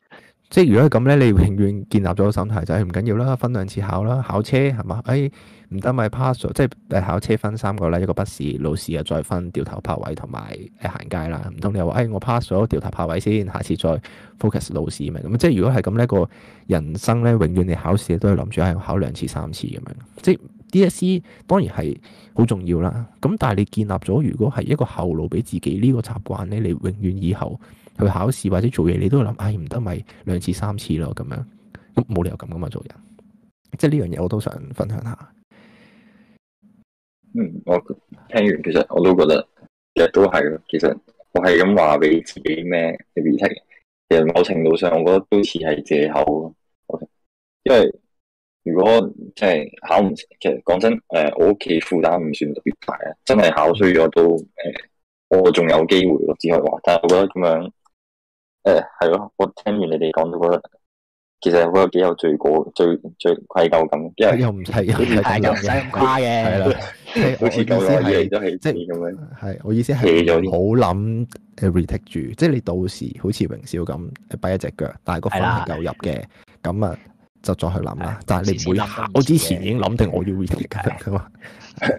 即係如果係咁咧，你永遠建立咗個心態就係唔緊要啦，分兩次考啦，考車係嘛？誒唔得咪 pass 咗，即係誒考車分三個啦，一個筆試、路試又再分掉頭泊位同埋誒行街啦。唔通你話誒、哎、我 pass 咗掉頭泊位先，下次再 focus 路試咪咁？即係如果係咁呢個人生咧永遠你考試都係諗住係考兩次、三次咁樣。即係 DSE 當然係好重要啦。咁但係你建立咗如果係一個後路俾自己呢、這個習慣咧，你永遠以後。去考試或者做嘢，你都諗，唉、哎，唔得咪兩次三次咯咁樣，咁冇理由咁噶嘛做人，即係呢樣嘢我都想分享下。
嗯，我聽完其實我都覺得，其實都係其實我係咁話俾自己咩嘅嘢聽，其實某程度上我覺得都似係借口咯。OK，因為如果即係考唔成，其實講真，誒、呃、我屋企負擔唔算特別大啊。真係考衰咗都誒、呃，我仲有機會咯，只係話。但係我覺得咁樣。誒，係咯，我聽完你哋講都覺得，其實好有幾有罪過，最最愧疚感，因為又唔係又唔使咁誇嘅。係啦，係我意思係即係咁
樣，係我意思係好諗誒，retake 住，即係你到時好似榮少咁，跛一隻腳，但係個分係夠入嘅，咁啊就再去諗啦，但係你唔會我之前已經諗定我要 retake 嘅，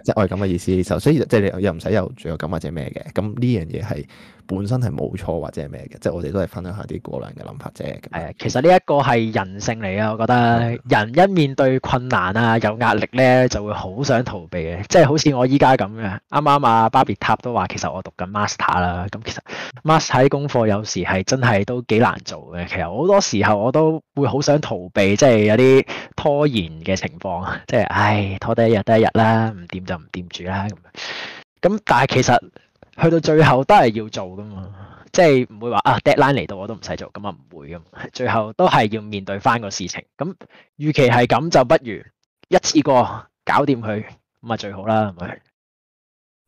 即係我係咁嘅意思，就所以即係你又唔使有罪過感或者咩嘅，咁呢樣嘢係。本身係冇錯或者係咩嘅，即係我哋都係分享下啲過量嘅諗法啫。係啊，
其實呢一個係人性嚟啊，我覺得、嗯、人一面對困難啊、有壓力咧，就會好想逃避嘅。即係好似我依家咁嘅，啱啱啊芭比塔都話其實我讀緊 master 啦。咁、嗯、其實 master 啲功課有時係真係都幾難做嘅。其實好多時候我都會好想逃避，即係有啲拖延嘅情況，即係唉拖得一日得一日啦，唔掂就唔掂住啦咁。咁但係其實，去到最後都係要做噶嘛，即係唔會話啊 deadline 嚟到我都唔使做，咁啊唔會噶，最後都係要面對翻個事情。咁預期係咁，就不如一次過搞掂佢咁啊最好啦，係咪？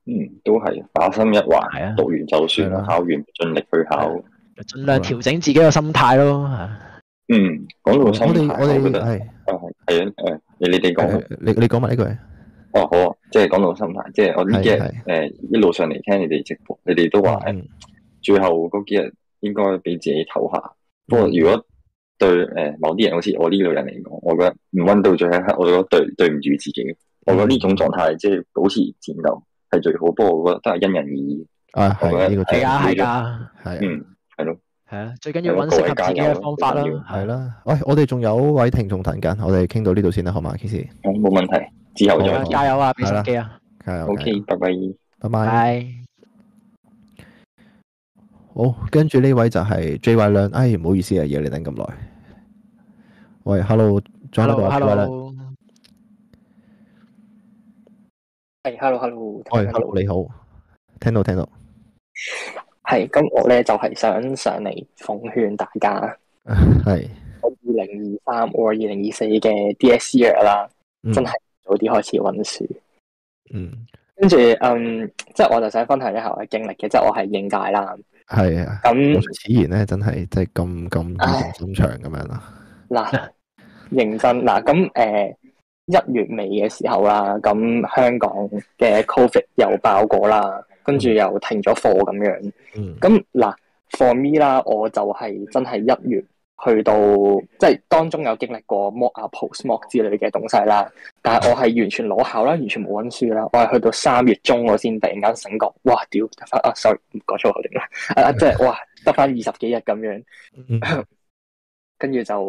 嗯，
都係打心一橫係啊，讀完就算，考完盡力去考，
盡量調整自己個心態咯。嗯，
講到心態，我哋，我覺得係係啊，你你講，
你你講咪得嘅。
好啊，即係講到心態，即係我呢幾日誒，一路上嚟聽你哋直播，你哋都話，最後嗰幾日應該俾自己唞下。不過如果對誒某啲人，好似我呢類人嚟講，我覺得唔溫到最後一刻，我覺得對對唔住自己。我覺得呢種狀態即係保持戰鬥係最好，不過我覺得都係因人而異。
啊，係
啊，係啊，係，嗯，係咯，係啊，最緊要
揾適合自己嘅方法啦，係
啦。喂，我哋仲有位聽眾等緊，我哋傾到呢度先啦，好嘛，K 師，
冇問題。
之加油啊！俾心機啊，加油！O K，拜拜，拜拜，好。跟住呢位就係 J Y 亮，哎，唔好意思啊，要你等咁耐。喂，Hello，再喺度啊，J Y 亮。
係，Hello，Hello，喂，Hello，
你好，聽到聽到，
係。咁我咧就係想上嚟奉勸大家，係二零二三或二零二四嘅 D S E 啦，真係。早啲開始溫書，嗯，跟住嗯，即係我就想分享一下我嘅經歷嘅，即係我係應屆啦，
係啊，咁那自然咧，真係即係咁咁長咁樣、啊、啦。
嗱，認真嗱，咁誒、呃、一月尾嘅時候啦，咁香港嘅 COVID 又爆過啦，跟住、嗯、又停咗課咁樣，咁嗱、嗯，for me 啦，我就係真係一月。去到即係當中有經歷過 mock 啊 post mock 之類嘅東西啦，但係我係完全裸考啦，完全冇溫書啦，我係去到三月中我先突然間醒覺，哇屌得翻啊，sorry 唔講粗口啲啦，啊，sorry，啊，啊即係哇得翻二十幾日咁樣，跟住就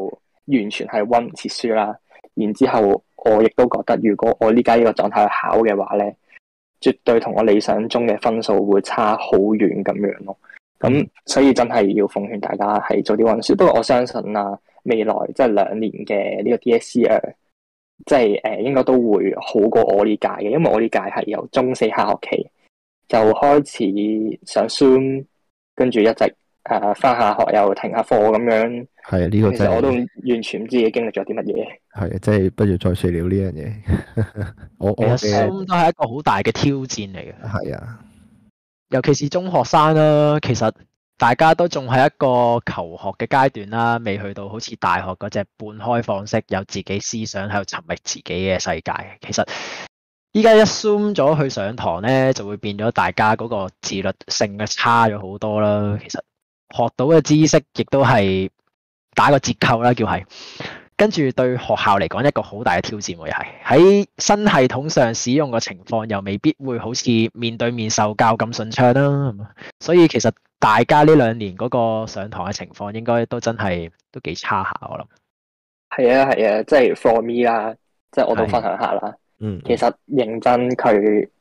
完全係溫唔切書啦，然之後我亦都覺得如果我呢家呢個狀態去考嘅話咧，絕對同我理想中嘅分數會差好遠咁樣咯。咁、嗯、所以真係要奉勸大家係早啲溫書，不過我相信啦、啊，未來即係兩年嘅呢個 DSE 啊，即係誒、呃，應該都會好過我呢屆嘅，因為我呢屆係由中四下學，學期就開始上 zoom，跟住一直誒返下學又停下課咁樣。
係啊，呢、這個、就是、我都
完全唔知自己經歷咗啲乜嘢。
係，即、就、係、是、不如再聊聊呢樣嘢。 我我 zoom
都係一個好大嘅挑戰嚟
嘅。係啊。尤其是
中學生啦，其實大家都仲係一個求學嘅階段啦，未去到好似大學嗰隻半開放式，有自己思想喺度沉迷自己嘅世界。其實依家一 zoom 咗去上堂呢，就會變咗大家嗰個自律性嘅差咗好多啦。其實學到嘅知識亦都係打個折扣啦，叫係。跟住對學校嚟講，一個好大嘅挑戰，又係喺新系統上使用嘅情況，又未必會好似面對面受教咁順暢啦、啊。所以其實大家呢兩年嗰個上堂嘅情況，應該都真係都幾差下、啊啊，我諗、啊。
係啊係啊，即係 For me 啦，即係我都分享下啦、啊。嗯，嗯其實認真佢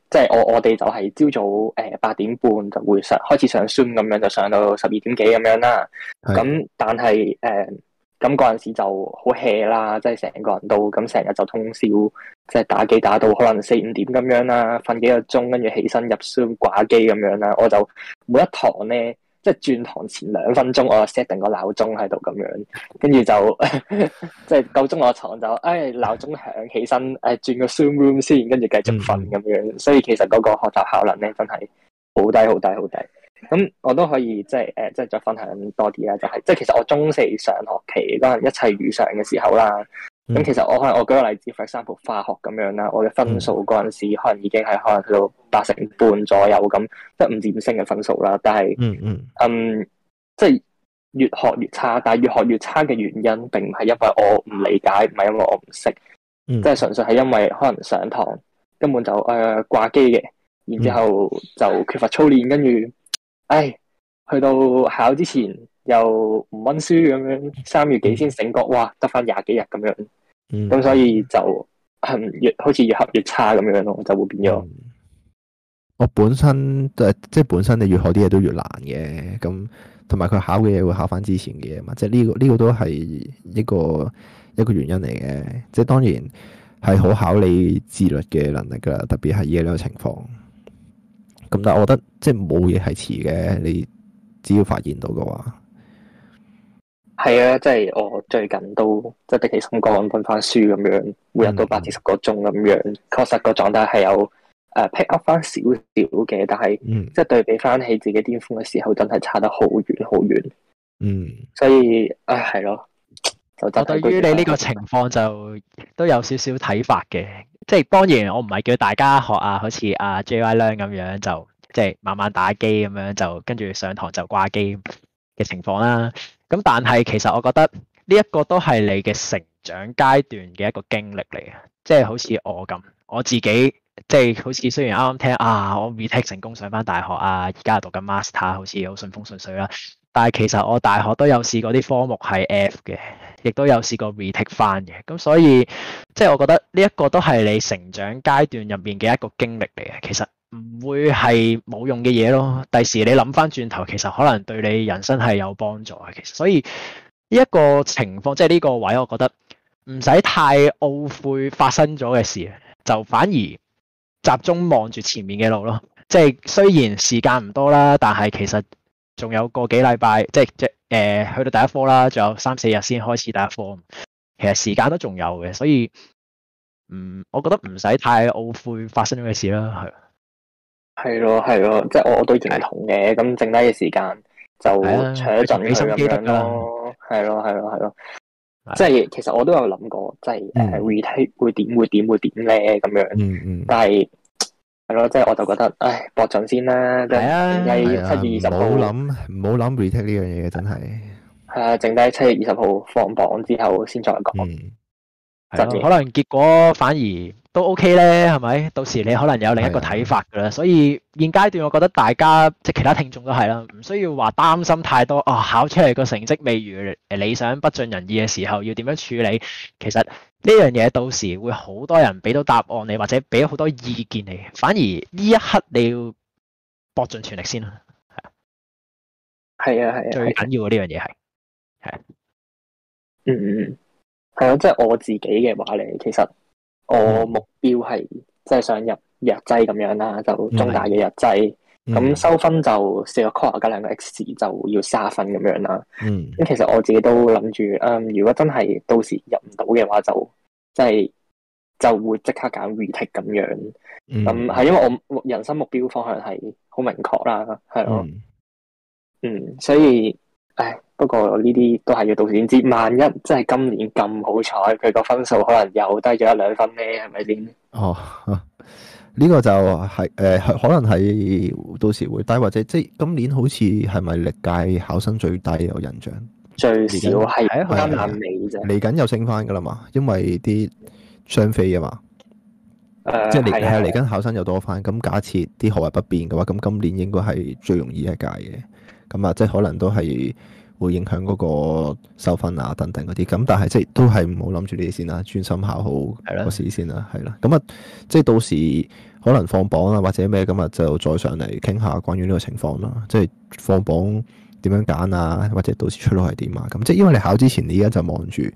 即係我我哋就係朝早誒八、呃、點半就會上開始上 Zoom 咁樣就上到十二點幾咁樣啦。咁、啊、但係誒。呃咁嗰陣時就好 hea 啦，即係成個人都咁成日就通宵，即係打機打到可能四五點咁樣啦，瞓幾個鐘，跟住起身入 Zoom 掛機咁樣啦。我就每一堂咧，即係轉堂前兩分鐘，我 set 定個鬧鐘喺度咁樣，跟住就即係夠鐘落床就，哎鬧鐘響，起身，誒轉個 Zoom room 先，跟住繼續瞓咁樣。所以其實嗰個學習效能咧，真係好低、好低、好低。咁我都可以即係誒，即、呃、係再分享多啲啦，就係、是、即係其實我中四上學期嗰陣一切如常嘅時候啦。咁、嗯、其實我可能我舉個例子，for example 化學咁樣啦，我嘅分數嗰陣時可能已經係可能去到八成半左右咁，即係五至五星嘅分數啦。但係嗯嗯，嗯，嗯即係越學越差，但係越學越差嘅原因，並唔係因為我唔理解，唔係因為我唔識，嗯、即係純粹係因為可能上堂根本就誒掛機嘅，然之後就缺乏操練，跟住。唉，去到考之前又唔溫書咁樣，三月幾先醒覺，哇，得翻廿幾日咁樣，咁、嗯、所以就越好似越合越差咁樣咯，就會變咗、嗯。
我本身即係本身你越學啲嘢都越難嘅，咁同埋佢考嘅嘢會考翻之前嘅嘢嘛，即係呢個呢個都係一個一個原因嚟嘅，即係當然係好考你自律嘅能力噶啦，特別係依個情況。咁但係我覺得即係冇嘢係遲嘅，你只要發現到嘅話，
係啊、嗯，即係我最近都即係拎起心肝，溫翻書咁樣，每日都八至十個鐘咁樣，確實個狀態係有誒 pick up 翻少少嘅，但係、嗯、即係對比翻起自己巔峰嘅時候，真係差得好遠好遠。嗯，所以啊係咯。唉我對於你呢個情
況就都有少少睇法嘅，即係當然我唔係叫大家學啊，好似阿 JY Len 咁樣就即係慢慢打機咁樣，就跟住上堂就掛機嘅情況啦。咁但係其實我覺得呢一、這個都係你嘅成長階段嘅一個經歷嚟嘅，即係好似我咁，我自己即係好似雖然啱啱聽啊，我 retake 成功上翻大學啊，而家又讀緊 master，好似好順風順水啦、啊。但係其實我大學都有試過啲科目係 F 嘅。亦都有試過 retake 翻嘅，咁所以即係我覺得呢一個都係你成長階段入面嘅一個經歷嚟嘅，其實唔會係冇用嘅嘢咯。第時你諗翻轉頭，其實可能對你人生係有幫助嘅。其實所以呢一個情況，即係呢個位，我覺得唔使太懊悔發生咗嘅事，就反而集中望住前面嘅路咯。即係雖然時間唔多啦，但係其實仲有個幾禮拜，即係即誒、呃，去到第一科啦，仲有三四日先開始第一科，其實時間都仲有嘅，所以唔、嗯，我覺得唔使太懊悔發生咗咩事啦，係。
係咯係咯，即係我我都認同嘅，咁的剩低嘅時間就扯一陣佢咁樣咯，係咯係咯係咯，即係的其實我都有諗過，即係誒，回睇、嗯、會點會點會點咧咁樣，樣樣樣嗯嗯，但係。係咯，即係我就覺得，唉，搏盡先啦。係啊，冇諗
好諗 retake 呢樣嘢嘅，真係
係啊，剩低七月二十號放榜之後先再講、嗯。
可能結果反而。都 OK
咧，係咪？到時你可能有另一個睇法噶啦，係。所以現階段我覺得大家即係其他聽眾都係啦，唔需要話擔心太多。哦、啊，考出嚟個成績未如理想，不盡人意嘅時候要點樣處理？其實呢樣嘢到時會好多人俾到答案你，或者俾好多意見你。反而呢一刻你要搏盡全力先啦，係啊，
係啊，係啊，最緊要嘅呢樣嘢係，
係、嗯，嗯嗯嗯，係啊，即係我自己嘅話嚟，其實。我目標係即係想入藥劑咁樣啦，就中大嘅藥劑。咁 收分就四個 core 加兩個 X 就要卅分咁樣啦。咁 其實我自己都諗住，嗯，如果真係到時入唔到嘅話，就即係就會即刻揀 retake 咁樣。
咁係
因為我人生目標方向係好明確啦，係咯。 嗯，所以。誒，不過呢啲都係要到時先知。萬一真係今年咁好彩，佢個分數可能又低咗一兩分呢，係咪
先？哦，呢、這個就係、是、誒、呃，可能係到時會低，或者即係今年好似係咪歷屆考生最低？有印象
最少係喺今
年尾咋？嚟緊又升翻噶啦嘛，因為啲雙飛啊嘛，
誒、呃，即係嚟係嚟緊
考生又多翻。咁假設啲學位不變嘅話，咁今年應該係最容易一屆嘅。咁啊，即係可能都係會影響嗰個收分啊，等等嗰啲。咁但係即係都係唔好諗住呢啲先啦，專心考好個試先啦，係啦的。咁啊，即係到時可能放榜啊，或者咩咁啊，就再上嚟傾下關於呢個情況啦。即係放榜點樣揀啊，或者到時出路係點啊？咁即係因為你考之前你，你而家就望住誒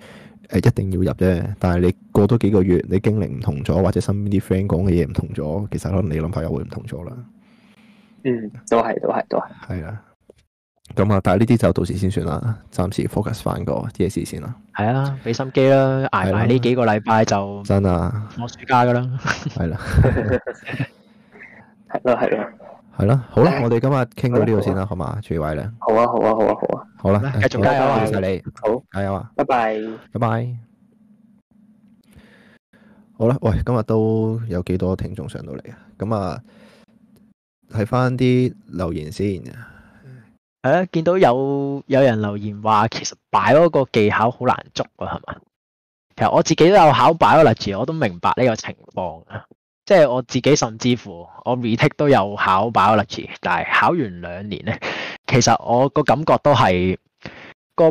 一定要入啫。但係你過多幾個月，你經歷唔同咗，或者身邊啲 friend 講嘅嘢唔同咗，其實可能你諗法又會唔同咗啦。嗯，
都係，都係，都係。係啊。
咁啊！但係呢啲就到時先算啦，暫時 focus 翻個啲嘢事先啦。
係啊，俾心機啦，挨埋呢幾個禮拜就真啊，我暑假噶啦。
係啦，
係啦，
係啦。好啦，我哋今日傾到呢度先啦，好嘛？注意位啦。好啊，好啊，好啊，好啊。好啦，繼續加油啊！多謝你，好，加油啊！拜拜，拜拜。好啦，喂，今日都有幾多聽眾上到嚟啊？咁啊，睇翻啲留言先。誒、啊，見到有有人留言話，其實擺嗰個技巧
好難捉啊，係嘛？其實我自己都有考 biology，我都明白呢個情況啊。即係我自己甚至乎我 retake 都有考 biology，但係考完兩年咧，其實我個感覺都係個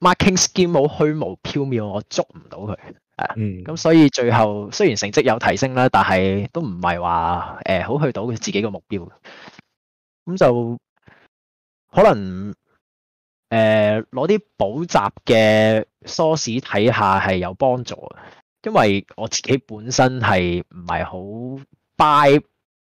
marking scheme 好虛無縹緲，我捉唔到佢。啊、嗯。咁所以最後雖然成績有提升啦，但係都唔係話誒好去到佢自己個目標。咁就。可能誒攞啲補習嘅 source 睇下係有幫助嘅，因為我自己本身係唔係好 buy，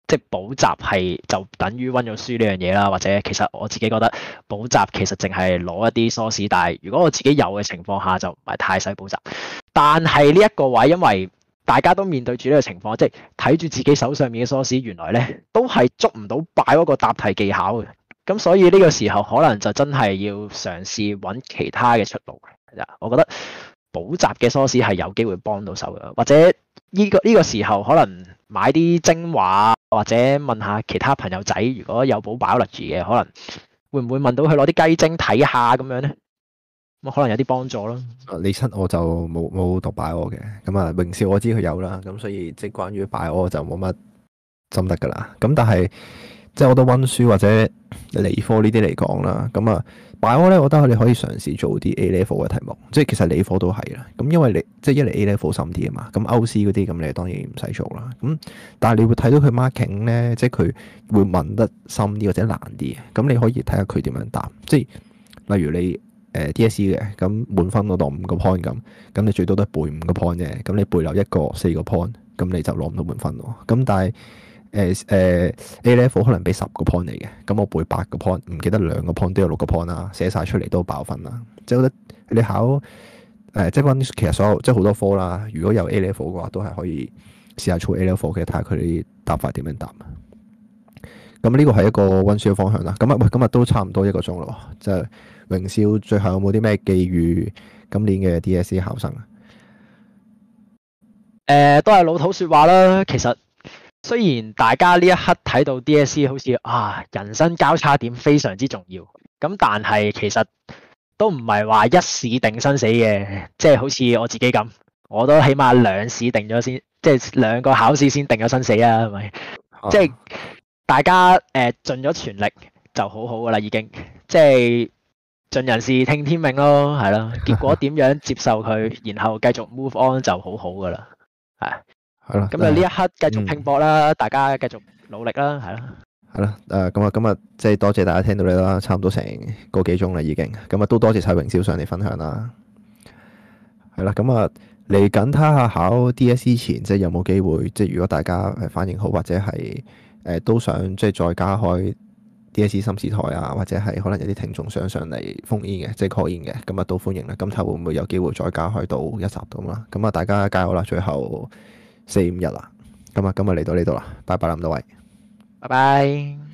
即係補習係就等於温咗書呢樣嘢啦。或者其實我自己覺得補習其實淨係攞一啲 source，但係如果我自己有嘅情況下就唔係太使補習。但係呢一個位，因為大家都面對住呢個情況，即係睇住自己手上面嘅 source，原來咧都係捉唔到拜嗰個答題技巧嘅。咁、嗯、所以呢個時候可能就真係要嘗試揾其他嘅出路，我覺得補習嘅疏師係有機會幫到手嘅，或者呢、呢個呢、呢個時候可能買啲精華，或者問下其他朋友仔，如果有補擺攞住嘅，可能會唔會問到佢攞啲雞精睇下咁樣呢？咁可能有啲幫助咯、
啊。你親我就冇冇讀擺我嘅，咁啊榮少我知佢有啦，咁所以即係關於擺攞就冇乜心得噶啦。咁但係。即係我覺得温書或者理科呢啲嚟講啦，咁啊，擺我咧，我覺得你可以嘗試做啲 A level 嘅題目，即係其實理科都係啦。咁因為你即係一嚟 A level 深啲啊嘛，咁 O C 嗰啲咁你當然唔使做啦。咁但係你會睇到佢 marking 咧，即係佢會問得深啲或者難啲嘅。咁你可以睇下佢點樣答。即係例如你誒、呃、D S E 嘅，咁滿分嗰度五個 point 咁，咁你最多都係背五個 point 啫。咁你背漏一個四個 point，咁你就攞唔到滿分咯。咁但係。誒誒、欸、A level 可能俾十個 point 嚟嘅，咁我背八個 point，唔記得兩個 point 都有六個 point 啦，寫晒出嚟都爆分啦。即係覺得你考誒、欸、即係其實所有即係好多科啦。如果有 A level 嘅話，都係可以試下做 A level 嘅，睇下佢哋答法點樣答。咁呢個係一個温書嘅方向啦。咁啊，喂，今日都差唔多一個鐘啦，即係榮少最後有冇啲咩寄語今年嘅 DSE 考生啊？誒、
呃，都係老土説話啦，其實～雖然大家呢一刻睇到 DSE 好似啊人生交叉點非常之重要，咁但係其實都唔係話一試定生死嘅，即係好似我自己咁，我都起碼兩試定咗先，即係兩個考試先定咗生死啊，係咪？即係大家誒盡咗全力就好好噶啦，已經即係盡人事聽天命咯，係咯，結果點樣接受佢， 然後繼續 move on 就好好噶啦，係。係啦，咁啊呢一刻繼續拼搏啦，
嗯、大家繼續努力啦，係啦。係啦，誒、嗯，咁、呃嗯嗯嗯、啊，今日即係多謝大家聽到你啦，差唔多成個幾鐘啦已經。咁啊，都多謝蔡榮少上嚟分享啦。係啦，咁啊，嚟緊睇下考 DSE 前，即係有冇機會？即係如果大家係反應好，或者係誒、呃、都想即係再加開 DSE 心事台啊，或者係可能有啲聽眾想上嚟封煙嘅，即係 call in 嘅，咁啊都歡迎啦。咁睇會唔會有機會再加開到一集咁啦？咁啊，大家加油啦！最後。四五日啦，咁啊，今日嚟到呢度啦，拜拜啦，咁多位，
拜拜。